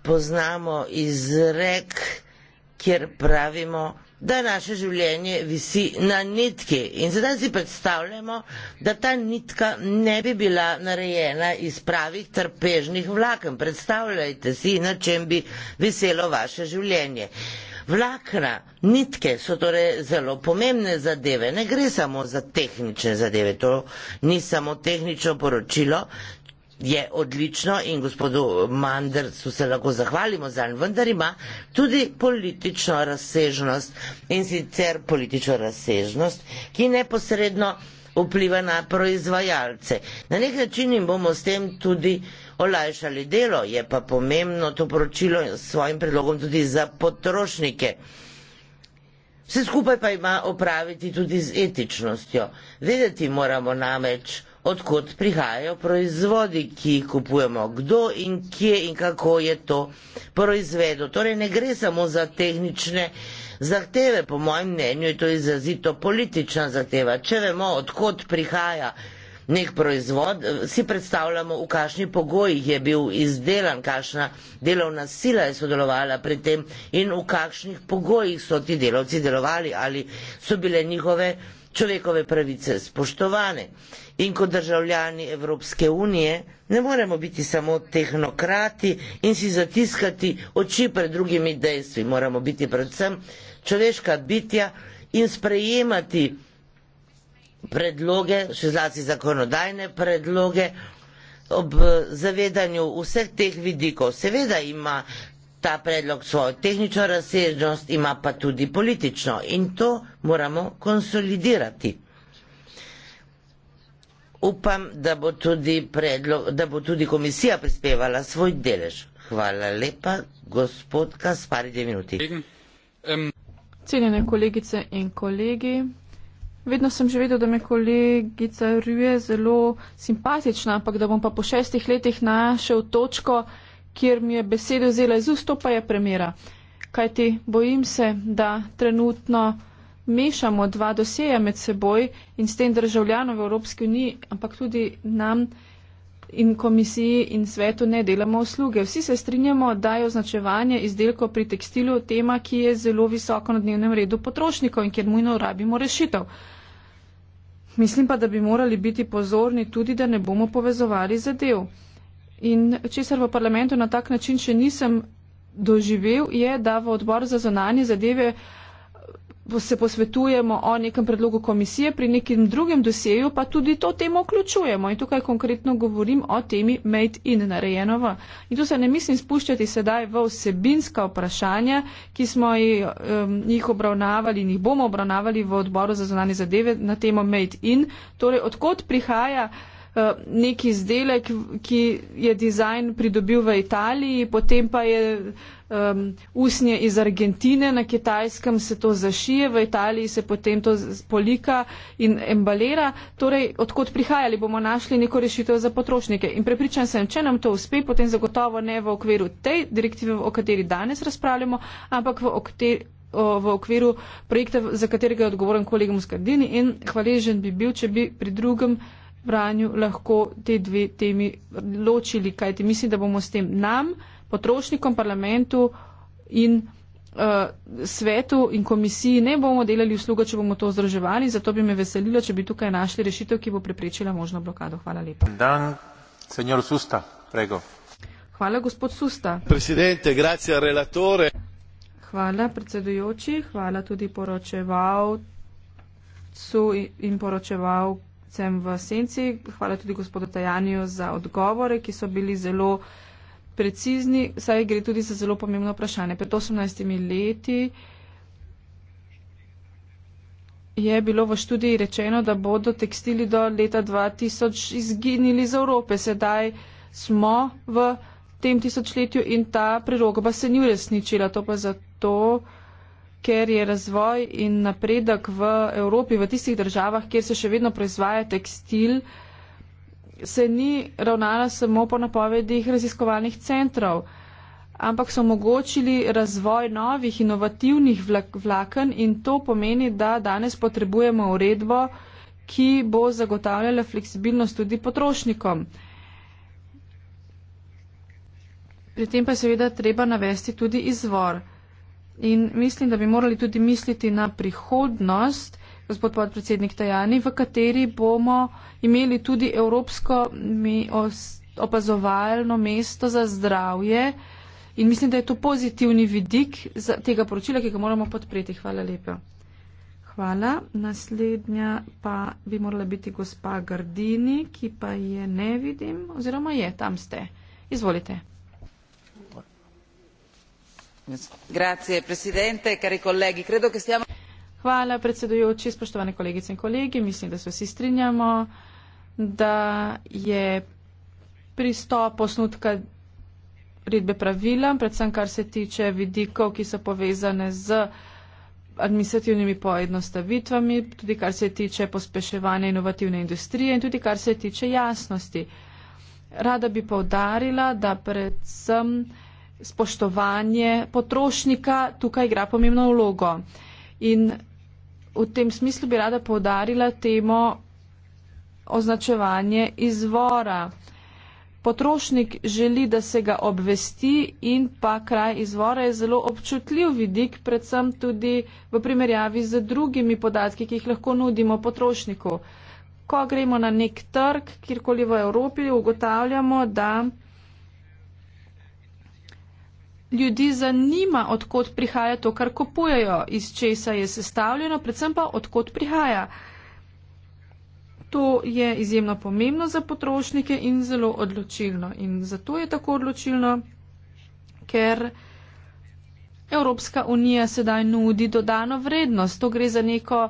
poznamo izrek, kjer pravimo, da naše življenje visi na nitki. In zdaj si predstavljamo, da ta nitka ne bi bila narejena iz pravih trpežnih vlaken. Predstavljajte si, na čem bi veselo vaše življenje. Vlakna, nitke so torej zelo pomembne zadeve, ne gre samo za tehnične zadeve, to ni samo tehnično poročilo, je odlično in gospodu Mandrcu se lahko zahvalimo za njega, vendar ima tudi politično razsežnost in sicer politično razsežnost, ki neposredno vpliva na proizvajalce. Na nek način jim bomo s tem tudi olajšali delo, je pa pomembno to poročilo s svojim predlogom tudi za potrošnike. Vse skupaj pa ima opraviti tudi z etičnostjo. Vedeti moramo namreč, odkot prihajajo proizvodi, ki jih kupujemo, kdo in kje in kako je to proizvedel. Torej ne gre samo za tehnične zahteve, po mojem mnenju je to izrazito politična zahteva. Če vemo, odkot prihaja nek proizvod, si predstavljamo, v kakšni pogojih je bil izdelan, kakšna delovna sila je sodelovala pri tem in v kakšnih pogojih so ti delavci delovali ali so bile njihove človekove pravice spoštovane. In kot državljani Evropske unije ne moremo biti samo tehnokrati in si zatiskati oči pred drugimi dejstvi. Moramo biti predvsem človeška bitja in sprejemati predloge, še zlasti zakonodajne predloge, ob zavedanju vseh teh vidikov. Seveda ima ta predlog svojo tehnično razsežnost, ima pa tudi politično in to moramo konsolidirati upam, da bo, predlog, da bo tudi komisija prispevala svoj delež. Hvala lepa, gospod Kaspari, dve minuti. Um.
Cenjene kolegice in kolegi, vedno sem že vedel, da me kolegica Rjuje zelo simpatična, ampak da bom pa po šestih letih našel točko, kjer mi je besedo vzela iz ustopa je premjera. Kajti bojim se, da trenutno mešamo dva doseja med seboj in s tem državljanov v Evropski uniji, ampak tudi nam in komisiji in svetu ne delamo usluge. Vsi se strinjamo, da je označevanje izdelkov pri tekstilu tema, ki je zelo visoko na dnevnem redu potrošnikov in kjer mujno rabimo rešitev. Mislim pa, da bi morali biti pozorni tudi, da ne bomo povezovali zadev. In česar v parlamentu na tak način še nisem doživel, je, da v odbor za zonanje zadeve uh, se posvetujemo o nekem predlogu komisije, pri nekem drugem doseju pa tudi to temo vključujemo. In tukaj konkretno govorim o temi made in narejeno v. In tu se ne mislim spuščati sedaj v vsebinska vprašanja, ki smo jih obravnavali in jih bomo obravnavali v odboru za zunanje zadeve na temo made in. Torej, odkot prihaja Eh, neki izdelek, ki je dizajn pridobil v Italiji, potem pa je um, usnje iz Argentine na kitajskem se to zašije, v Italiji se potem to polika in embalera. Torej, odkot prihajali, bomo našli neko rešitev za potrošnike. In prepričan sem, če nam to uspe, potem zagotovo ne v okviru te direktive, o kateri danes razpravljamo, ampak v okviru v okviru projekta, za katerega je odgovoren kolega Muskardini in hvaležen bi bil, če bi pri drugem branju lahko te dve temi ločili, kajti mislim, da bomo s tem nam, potrošnikom, parlamentu in uh, svetu in komisiji ne bomo delali usluga, če bomo to vzdrževali. Zato bi me veselilo, če bi tukaj našli rešitev, ki bo preprečila možno blokado. Hvala lepa. Dan, senjor Susta, prego. Hvala, gospod Susta. Presidente, grazie, relatore. Hvala, predsedujoči. Hvala tudi poročevalcu in poročevalku sem v senci. Hvala tudi gospodu Tajanju za odgovore, ki so bili zelo precizni, saj gre tudi za zelo pomembno vprašanje. Pred 18 leti je bilo v študiji rečeno, da bodo tekstili do leta 2000 izginili iz Evrope. Sedaj smo v tem tisočletju in ta prerogba se ni uresničila. To pa zato ker je razvoj in napredek v Evropi, v tistih državah, kjer se še vedno proizvaja tekstil, se ni ravnala samo po napovedih raziskovalnih centrov, ampak so omogočili razvoj novih inovativnih vlaken in to pomeni, da danes potrebujemo uredbo, ki bo zagotavljala fleksibilnost tudi potrošnikom. Pri tem pa je seveda treba navesti tudi izvor in mislim, da bi morali tudi misliti na prihodnost, gospod podpredsednik Tajani, v kateri bomo imeli tudi evropsko opazovalno mesto za zdravje. In mislim, da je to pozitivni vidik tega poročila, ki ga moramo podpreti. Hvala lepa. Hvala. Naslednja pa bi morala biti gospa Gardini, ki pa je ne vidim, oziroma je, tam ste. Izvolite hvala predsedujoči spoštovane kolegice in kolegi mislim da se vsi strinjamo da je pristop osnutka redbe pravila predvsem kar se tiče vidikov ki so povezane z administrativnimi poenostavitvami tudi kar se tiče pospeševanja inovativne industrije in tudi kar se tiče jasnosti rada bi poudarila da predvsem spoštovanje potrošnika tukaj igra pomembno vlogo. In v tem smislu bi rada povdarila temo označevanje izvora. Potrošnik želi, da se ga obvesti in pa kraj izvora je zelo občutljiv vidik, predvsem tudi v primerjavi z drugimi podatki, ki jih lahko nudimo potrošniku. Ko gremo na nek trg, kjerkoli v Evropi, ugotavljamo, da ljudi zanima, odkot prihaja to, kar kupujejo, iz česa je sestavljeno, predvsem pa odkot prihaja. To je izjemno pomembno za potrošnike in zelo odločilno. In zato je tako odločilno, ker Evropska unija sedaj nudi dodano vrednost. To gre za neko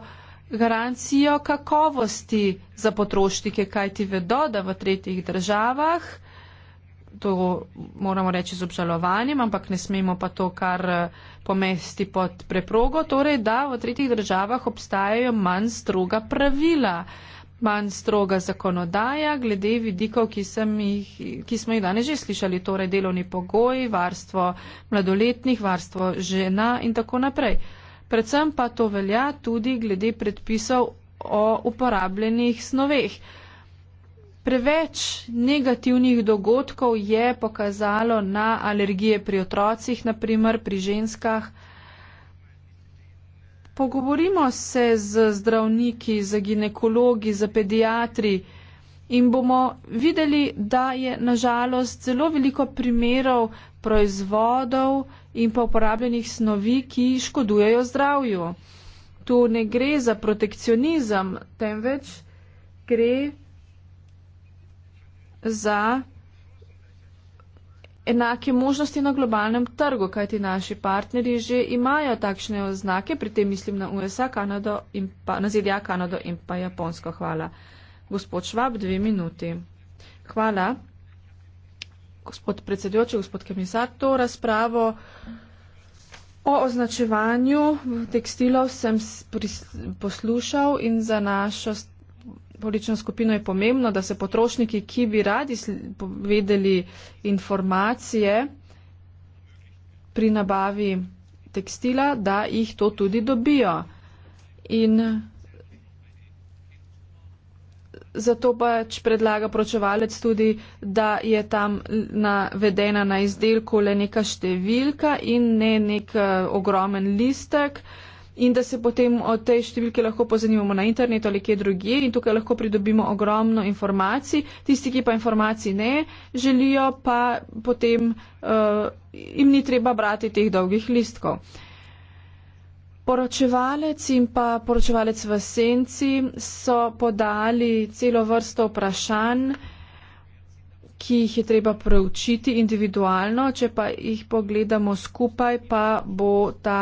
garancijo kakovosti za potrošnike, kajti vedo, da v tretjih državah to moramo reči z obžalovanjem, ampak ne smemo pa to kar eh, pomesti pod preprogo, torej da v tretjih državah obstajajo manj stroga pravila, manj stroga zakonodaja glede vidikov, ki, jih, ki smo jih danes že slišali, torej delovni pogoji, varstvo mladoletnih, varstvo žena in tako naprej. Predvsem pa to velja tudi glede predpisov o uporabljenih snoveh. Preveč negativnih dogodkov je pokazalo na alergije pri otrocih, naprimer pri ženskah. Pogovorimo se z zdravniki, z ginekologi, z pediatri in bomo videli, da je nažalost zelo veliko primerov proizvodov in pa uporabljenih snovi, ki škodujejo zdravju. Tu ne gre za protekcionizem, temveč gre za za enake možnosti na globalnem trgu, kajti naši partnerji že imajo takšne oznake, pri tem mislim na USA, Kanado in pa na ZDA, Kanado in pa Japonsko. Hvala. Gospod Švab, dve minuti. Hvala. Gospod predsedujoči, gospod komisar, to razpravo o označevanju tekstilov sem poslušal in za našo politično skupino je pomembno, da se potrošniki, ki bi radi povedali informacije pri nabavi tekstila, da jih to tudi dobijo. In zato pač predlaga pročevalec tudi, da je tam navedena na izdelku le neka številka in ne nek eh, ogromen listek. Uh, in da se potem o tej številki lahko pozanimamo na internetu ali kje drugje in tukaj lahko pridobimo ogromno informacij. Tisti, ki pa informacij ne želijo, pa potem uh, jim ni treba brati teh dolgih listkov. Poročevalec in pa poročevalec v senci so podali celo vrsto vprašanj, ki jih je treba preučiti individualno. Če pa jih pogledamo skupaj, pa bo ta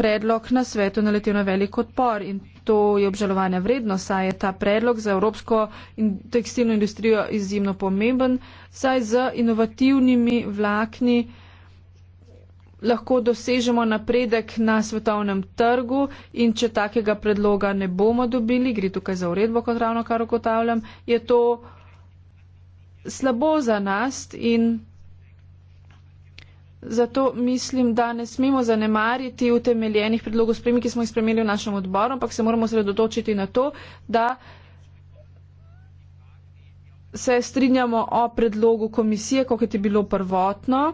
predlog na svetu naletel na velik odpor in to je obžalovanja vredno, saj je ta predlog za evropsko in tekstilno industrijo izjemno pomemben, saj z inovativnimi vlakni lahko dosežemo napredek na svetovnem trgu in če takega predloga ne bomo dobili, gre tukaj za uredbo, kot ravno kar ugotavljam, je to slabo za nas in Zato mislim, da ne smemo zanemariti utemeljenih predlogov spremi, ki smo jih spremenili v našem odboru, ampak se moramo sredotočiti na to, da se strinjamo o predlogu komisije, kako je bilo prvotno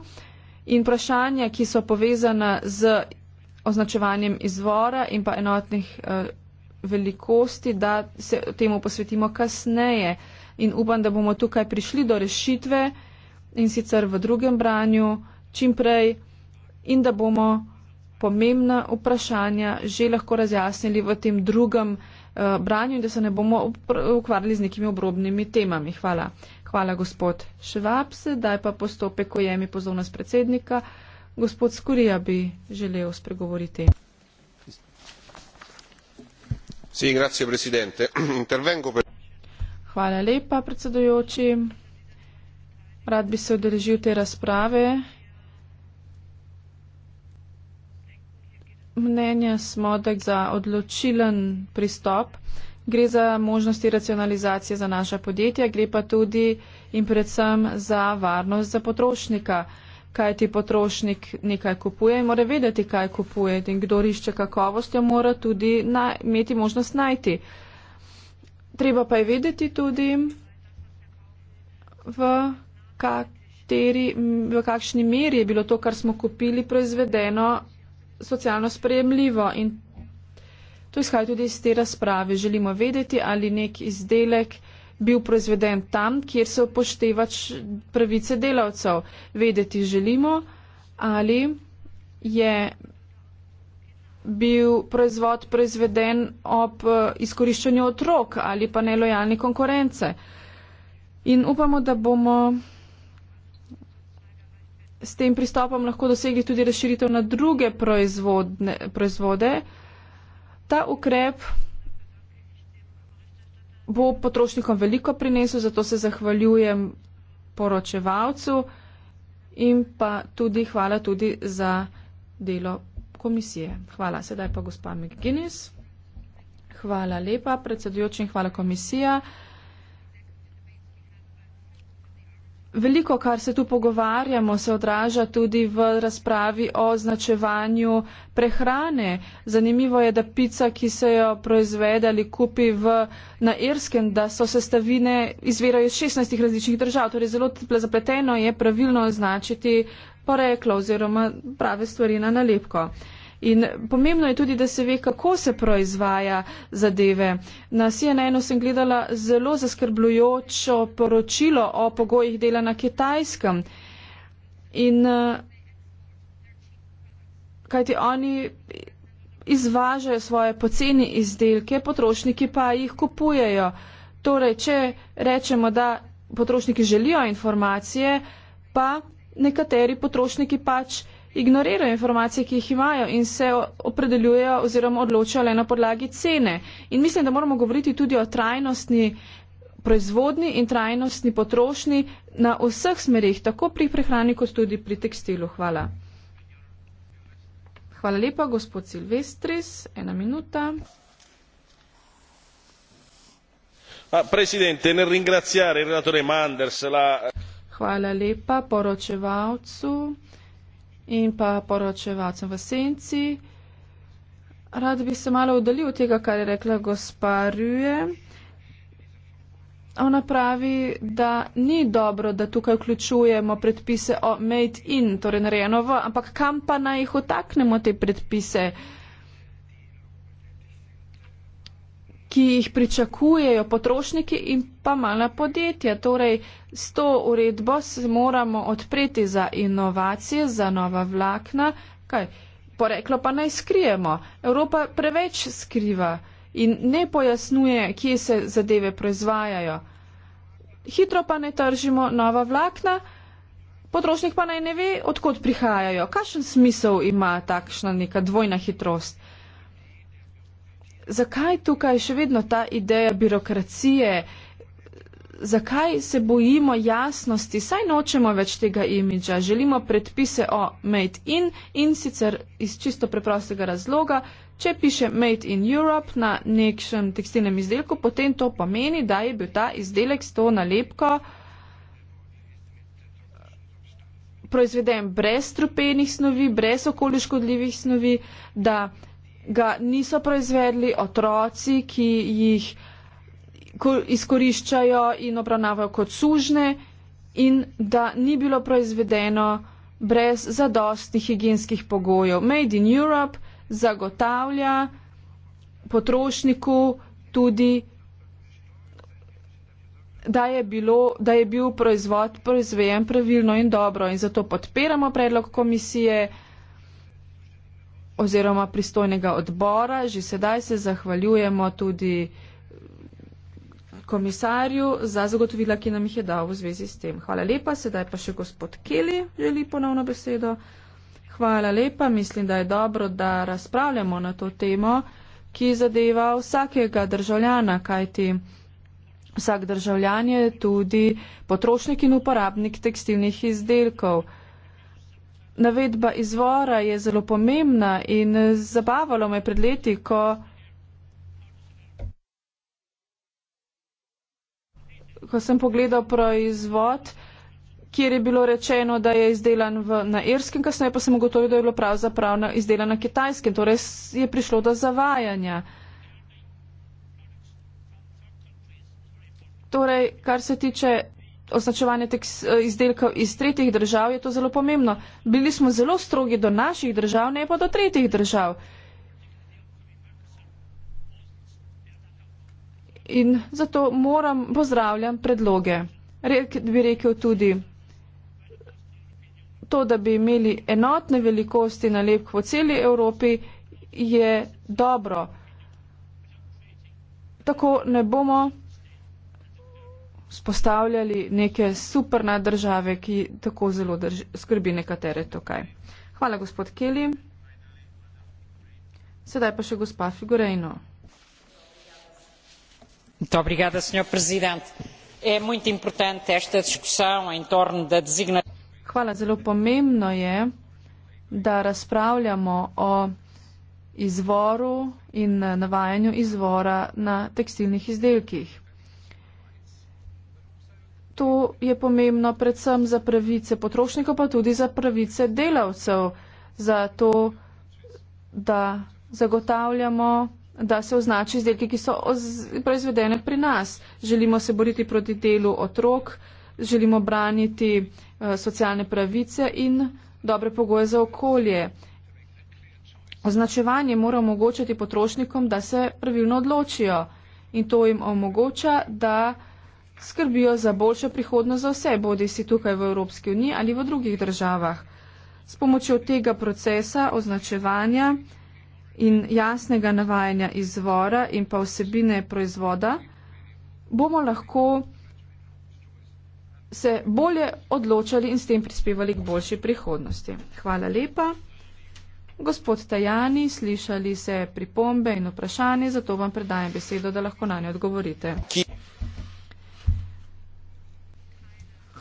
in vprašanja, ki so povezana z označevanjem izvora in pa enotnih eh, velikosti, da se temu posvetimo kasneje. In upam, da bomo tukaj prišli do rešitve in sicer v drugem branju čim prej in da bomo pomembna vprašanja že lahko razjasnili v tem drugem uh, branju in da se ne bomo ukvarjali z nekimi obrobnimi temami. Hvala. Hvala, gospod Švab, sedaj pa postopek o jemi pozornost predsednika. Gospod Skurija bi želel spregovoriti. Sì, grazie, presidente.
Intervengo per...
Hvala lepa, predsedujoči. Rad bi se odeležil te razprave mnenja smo, da je za odločilen pristop. Gre za možnosti racionalizacije za naša podjetja, gre pa tudi in predvsem za varnost za potrošnika. Kaj ti potrošnik nekaj kupuje in mora vedeti, kaj kupuje. In kdo išče kakovost, jo mora tudi imeti možnost najti. Treba pa je vedeti tudi, v, kateri, v kakšni meri je bilo to, kar smo kupili, proizvedeno socialno sprejemljivo in to izhaja tudi iz te razprave. Želimo vedeti, ali nek izdelek bil proizveden tam, kjer se upošteva pravice delavcev. Vedeti želimo, ali je bil proizvod proizveden ob eh, izkoriščanju otrok ali pa nelojalni konkurence. In upamo, da bomo s tem pristopom lahko dosegli tudi razširitev na druge proizvode. Ta ukrep bo potrošnikom veliko prinesel, zato se zahvaljujem poročevalcu in pa tudi hvala tudi za delo komisije. Hvala. Sedaj pa gospa McGuinness. Hvala lepa predsedujoči in hvala komisija. Veliko, kar se tu pogovarjamo, se odraža tudi v razpravi o označevanju prehrane. Zanimivo je, da pica, ki se jo proizvede ali kupi v, na Irskem, da so sestavine izvirajo iz 16 različnih držav. Torej, zelo zapleteno je pravilno označiti poreklo oziroma prave stvari na nalepko. In pomembno je tudi, da se ve, kako se proizvaja zadeve. Na CNN-u sem gledala zelo zaskrbljujočo poročilo o pogojih dela na kitajskem. In eh, kajti oni izvažajo svoje poceni izdelke, potrošniki pa jih kupujejo. Torej, če rečemo, da potrošniki želijo informacije, pa nekateri potrošniki pač ignorirajo informacije, ki jih imajo in se opredeljujejo oziroma odločajo le na podlagi cene. In mislim, da moramo govoriti tudi o trajnostni proizvodni in trajnostni potrošni na vseh smerih, tako pri prehrani kot tudi pri tekstilu. Hvala. Hvala lepa, gospod Silvestris. Ena minuta. Ah, presidente, nel ringraziare il relatore Manders la... Hvala lepa poročevalcu in pa poročevalcem v senci. Rad bi se malo udalil od tega, kar je rekla gospa Rjuje. Ona pravi, da ni dobro, da tukaj vključujemo predpise o made in, torej narejeno v, ampak kam pa naj jih otaknemo te predpise? Uh, ki jih pričakujejo potrošniki in pa mala podjetja. Torej, s to uredbo se moramo odpreti za inovacije, za nova vlakna. Kaj? Poreklo pa naj skrijemo. Evropa preveč skriva in ne pojasnjuje, kje se zadeve proizvajajo. Hitro pa ne tržimo nova vlakna, potrošnik pa naj ne ve, odkot prihajajo. Kakšen smisel ima takšna neka dvojna hitrost? zakaj tukaj še vedno ta ideja birokracije, zakaj se bojimo jasnosti, saj nočemo več tega imidža, želimo predpise o made in in sicer iz čisto preprostega razloga, če piše made in Europe na nekšem tekstilnem izdelku, potem to pomeni, da je bil ta izdelek s to nalepko proizveden brez strupenih snovi, brez okoliškodljivih snovi, da ga niso proizvedli otroci, ki jih izkoriščajo in obravnavajo kot sužne in da ni bilo proizvedeno brez zadostnih higijenskih pogojev. Made in Europe zagotavlja potrošniku tudi, da je, bilo, da je bil proizvod proizvejen pravilno in dobro in zato podpiramo predlog komisije oziroma pristojnega odbora. Že sedaj se zahvaljujemo tudi komisarju za zagotovila, ki nam jih je dal v zvezi s tem. Hvala lepa. Sedaj pa še gospod Keli želi ponovno besedo. Hvala lepa. Mislim, da je dobro, da razpravljamo na to temo, ki zadeva vsakega državljana, kajti vsak državljan je tudi potrošnik in uporabnik tekstilnih izdelkov navedba izvora je zelo pomembna in zabavalo me pred leti, ko, ko sem pogledal proizvod, kjer je bilo rečeno, da je izdelan v, na irskem, kasneje pa sem ugotovil, da je bilo pravzaprav na, izdelan na kitajskem. Torej je prišlo do zavajanja. Torej, kar se tiče označevanje teh eh, izdelkov iz tretjih držav, je to zelo pomembno. Bili smo zelo strogi do naših držav, ne pa do tretjih držav. In zato moram pozdravljati predloge. Rek bi rekel tudi to, da bi imeli enotne velikosti nalepk po celi Evropi, je dobro. Tako ne bomo spostavljali neke super naddržave, ki tako zelo drž, skrbi nekatere tukaj. Hvala, gospod Keli. Sedaj pa še gospa Figurejno. Dobrigada, senjor prezident. E muito importante esta discussão em torno da designação. Hvala, zelo pomembno je, da razpravljamo o izvoru in navajanju izvora na tekstilnih izdelkih to je pomembno predvsem za pravice potrošnika, pa tudi za pravice delavcev, za to, da zagotavljamo, da se označi izdelki, ki so proizvedene pri nas. Želimo se boriti proti delu otrok, želimo braniti eh, socialne pravice in dobre pogoje za okolje. Označevanje mora omogočati potrošnikom, da se pravilno odločijo in to jim omogoča, da skrbijo za boljšo prihodnost za vse, bodi si tukaj v Evropski uniji ali v drugih državah. S pomočjo tega procesa označevanja in jasnega navajanja izvora in pa vsebine proizvoda bomo lahko se bolje odločali in s tem prispevali k boljši prihodnosti. Hvala lepa. Gospod Tajani, slišali se pripombe in vprašanje, zato vam predajem besedo, da lahko na nje odgovorite. Ki...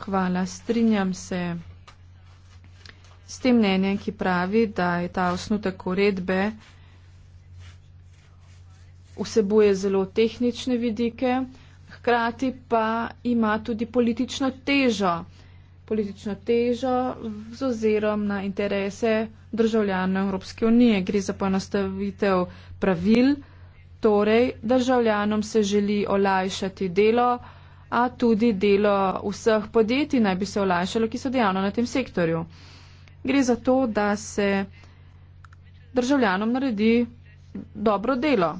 Hvala, strinjam se s tem mnenjem, ki pravi, da je ta osnutek uredbe vsebuje zelo tehnične vidike, hkrati pa ima tudi politično težo, politično težo z ozirom na interese državljanov Evropske unije. Gre za ponastavitev pravil, torej državljanom se želi olajšati delo, a tudi delo vseh podjetij naj bi se olajšalo, ki so dejavno na tem sektorju. Gre za to, da se državljanom naredi dobro delo.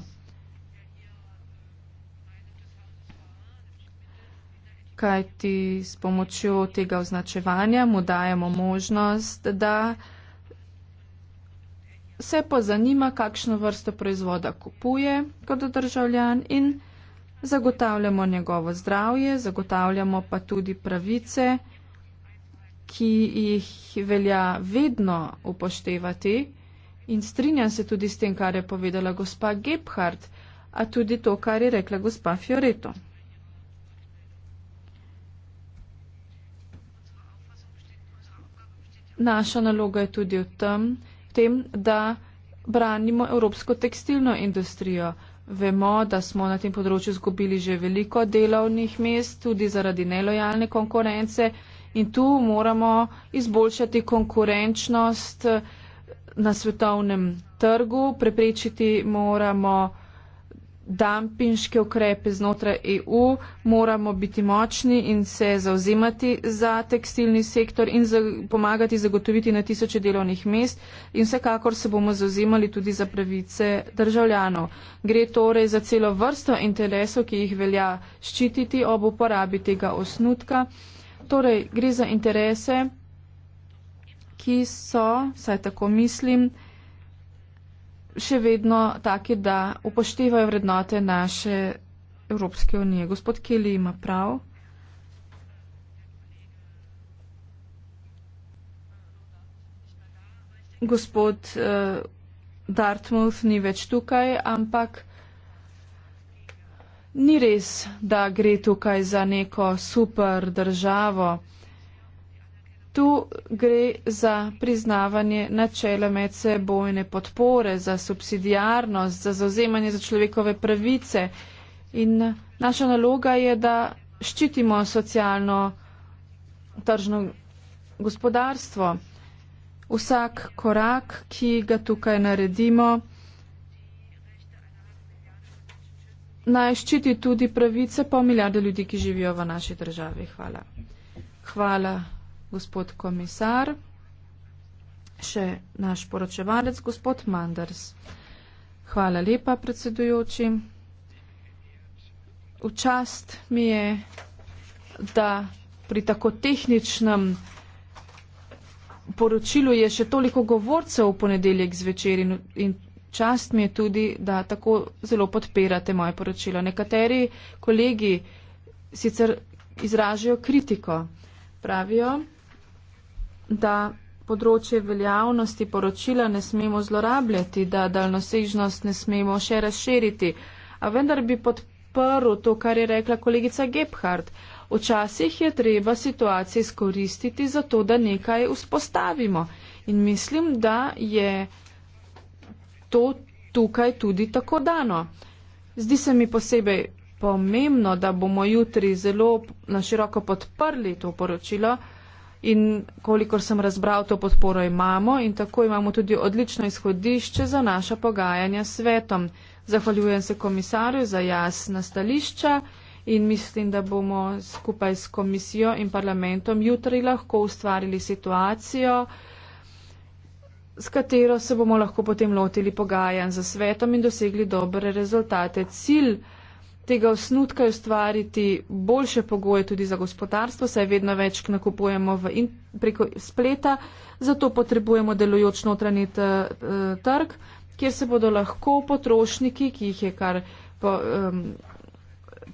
Kaj ti s pomočjo tega označevanja mu dajemo možnost, da se pozanima, kakšno vrsto proizvoda kupuje kot državljan in državljan zagotavljamo njegovo zdravje, zagotavljamo pa tudi pravice, ki jih velja vedno upoštevati. In strinjam se tudi s tem, kar je povedala gospa Gebhardt, a tudi to, kar je rekla gospa Fioreto. Naša naloga je tudi v tem, da branimo evropsko tekstilno industrijo. Vemo, da smo na tem področju izgubili že veliko delovnih mest, tudi zaradi nelojalne konkurence in tu moramo izboljšati konkurenčnost eh, na svetovnem trgu, preprečiti moramo dampinške ukrepe znotraj EU, moramo biti močni in se zauzemati za tekstilni sektor in za, pomagati zagotoviti na tisoče delovnih mest in vsekakor se bomo zauzemali tudi za pravice državljanov. Gre torej za celo vrsto interesov, ki jih velja ščititi ob uporabi tega osnutka. Torej, gre za interese, ki so, saj tako mislim, še vedno taki, da upoštevajo vrednote naše Evropske unije. Gospod Keli ima prav. Gospod uh, Dartmouth ni več tukaj, ampak ni res, da gre tukaj za neko super državo. Tu gre za priznavanje načela medsebojne podpore, za subsidijarnost, za zauzemanje za človekove pravice. In naša naloga je, da ščitimo socialno tržno gospodarstvo. Vsak korak, ki ga tukaj naredimo, naj ščiti tudi pravice pol milijarde ljudi, ki živijo v naši državi. Hvala. Hvala gospod komisar, še naš poročevalec, gospod Manders. Hvala lepa, predsedujoči. Včast mi je, da pri tako tehničnem poročilu je še toliko govorcev v ponedeljek zvečer in, in čast mi je tudi, da tako zelo podpirate moje poročilo. Nekateri kolegi sicer izražajo kritiko. Pravijo, da področje veljavnosti poročila ne smemo zlorabljati, da daljnosežnost ne smemo še razširiti. A vendar bi podprl to, kar je rekla kolegica Gebhardt. Včasih je treba situacije izkoristiti za to, da nekaj vzpostavimo. In mislim, da je to tukaj tudi tako dano. Zdi se mi posebej pomembno, da bomo jutri zelo naširoko podprli to poročilo in kolikor sem razbral, to podporo imamo in tako imamo tudi odlično izhodišče za naša pogajanja s svetom. Zahvaljujem se komisarju za jasna stališča in mislim, da bomo skupaj s komisijo in parlamentom jutri lahko ustvarili situacijo, s katero se bomo lahko potem lotili pogajanj za svetom in dosegli dobre rezultate. Cilj tega osnutka je ustvariti boljše pogoje tudi za gospodarstvo, saj vedno več nakupujemo in, preko spleta, zato potrebujemo delujoč notranji e, trg, kjer se bodo lahko potrošniki, ki jih je kar po, um,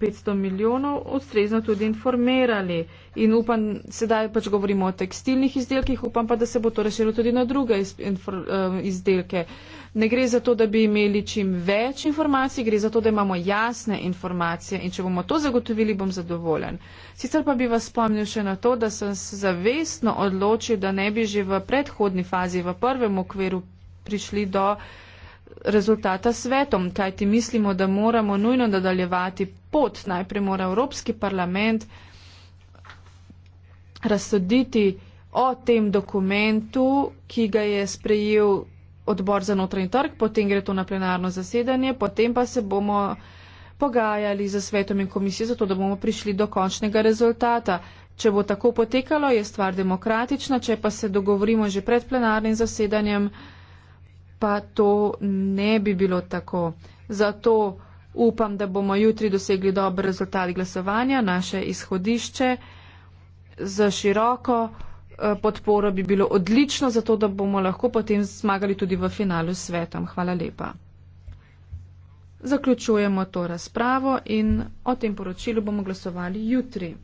500 milijonov, ustrezno tudi informirali. In upam, sedaj pač govorimo o tekstilnih izdelkih, upam pa, da se bo to razširilo tudi na druge izdelke. Uh, ne gre za to, da bi imeli čim več informacij, gre za to, da imamo jasne informacije in če bomo to zagotovili, bom zadovoljen. Sicer pa bi vas spomnil še na to, da sem se zavestno odločil, da ne bi že v predhodni fazi, v prvem okviru prišli do rezultata svetom, kajti mislimo, da moramo nujno nadaljevati pot. Najprej mora Evropski parlament razsoditi o tem dokumentu, ki ga je sprejel odbor za notranji trg, potem gre to na plenarno zasedanje, potem pa se bomo pogajali za svetom in komisijo, zato da bomo prišli do končnega rezultata. Če bo tako potekalo, je stvar demokratična, če pa se dogovorimo že pred plenarnim zasedanjem, pa to ne bi bilo tako. Zato upam, da bomo jutri dosegli dober rezultat glasovanja, naše izhodišče za široko. Eh, podporo bi bilo odlično, zato da bomo lahko potem zmagali tudi v finalu s svetom. Hvala lepa. Zaključujemo to razpravo in o tem poročilu bomo glasovali jutri.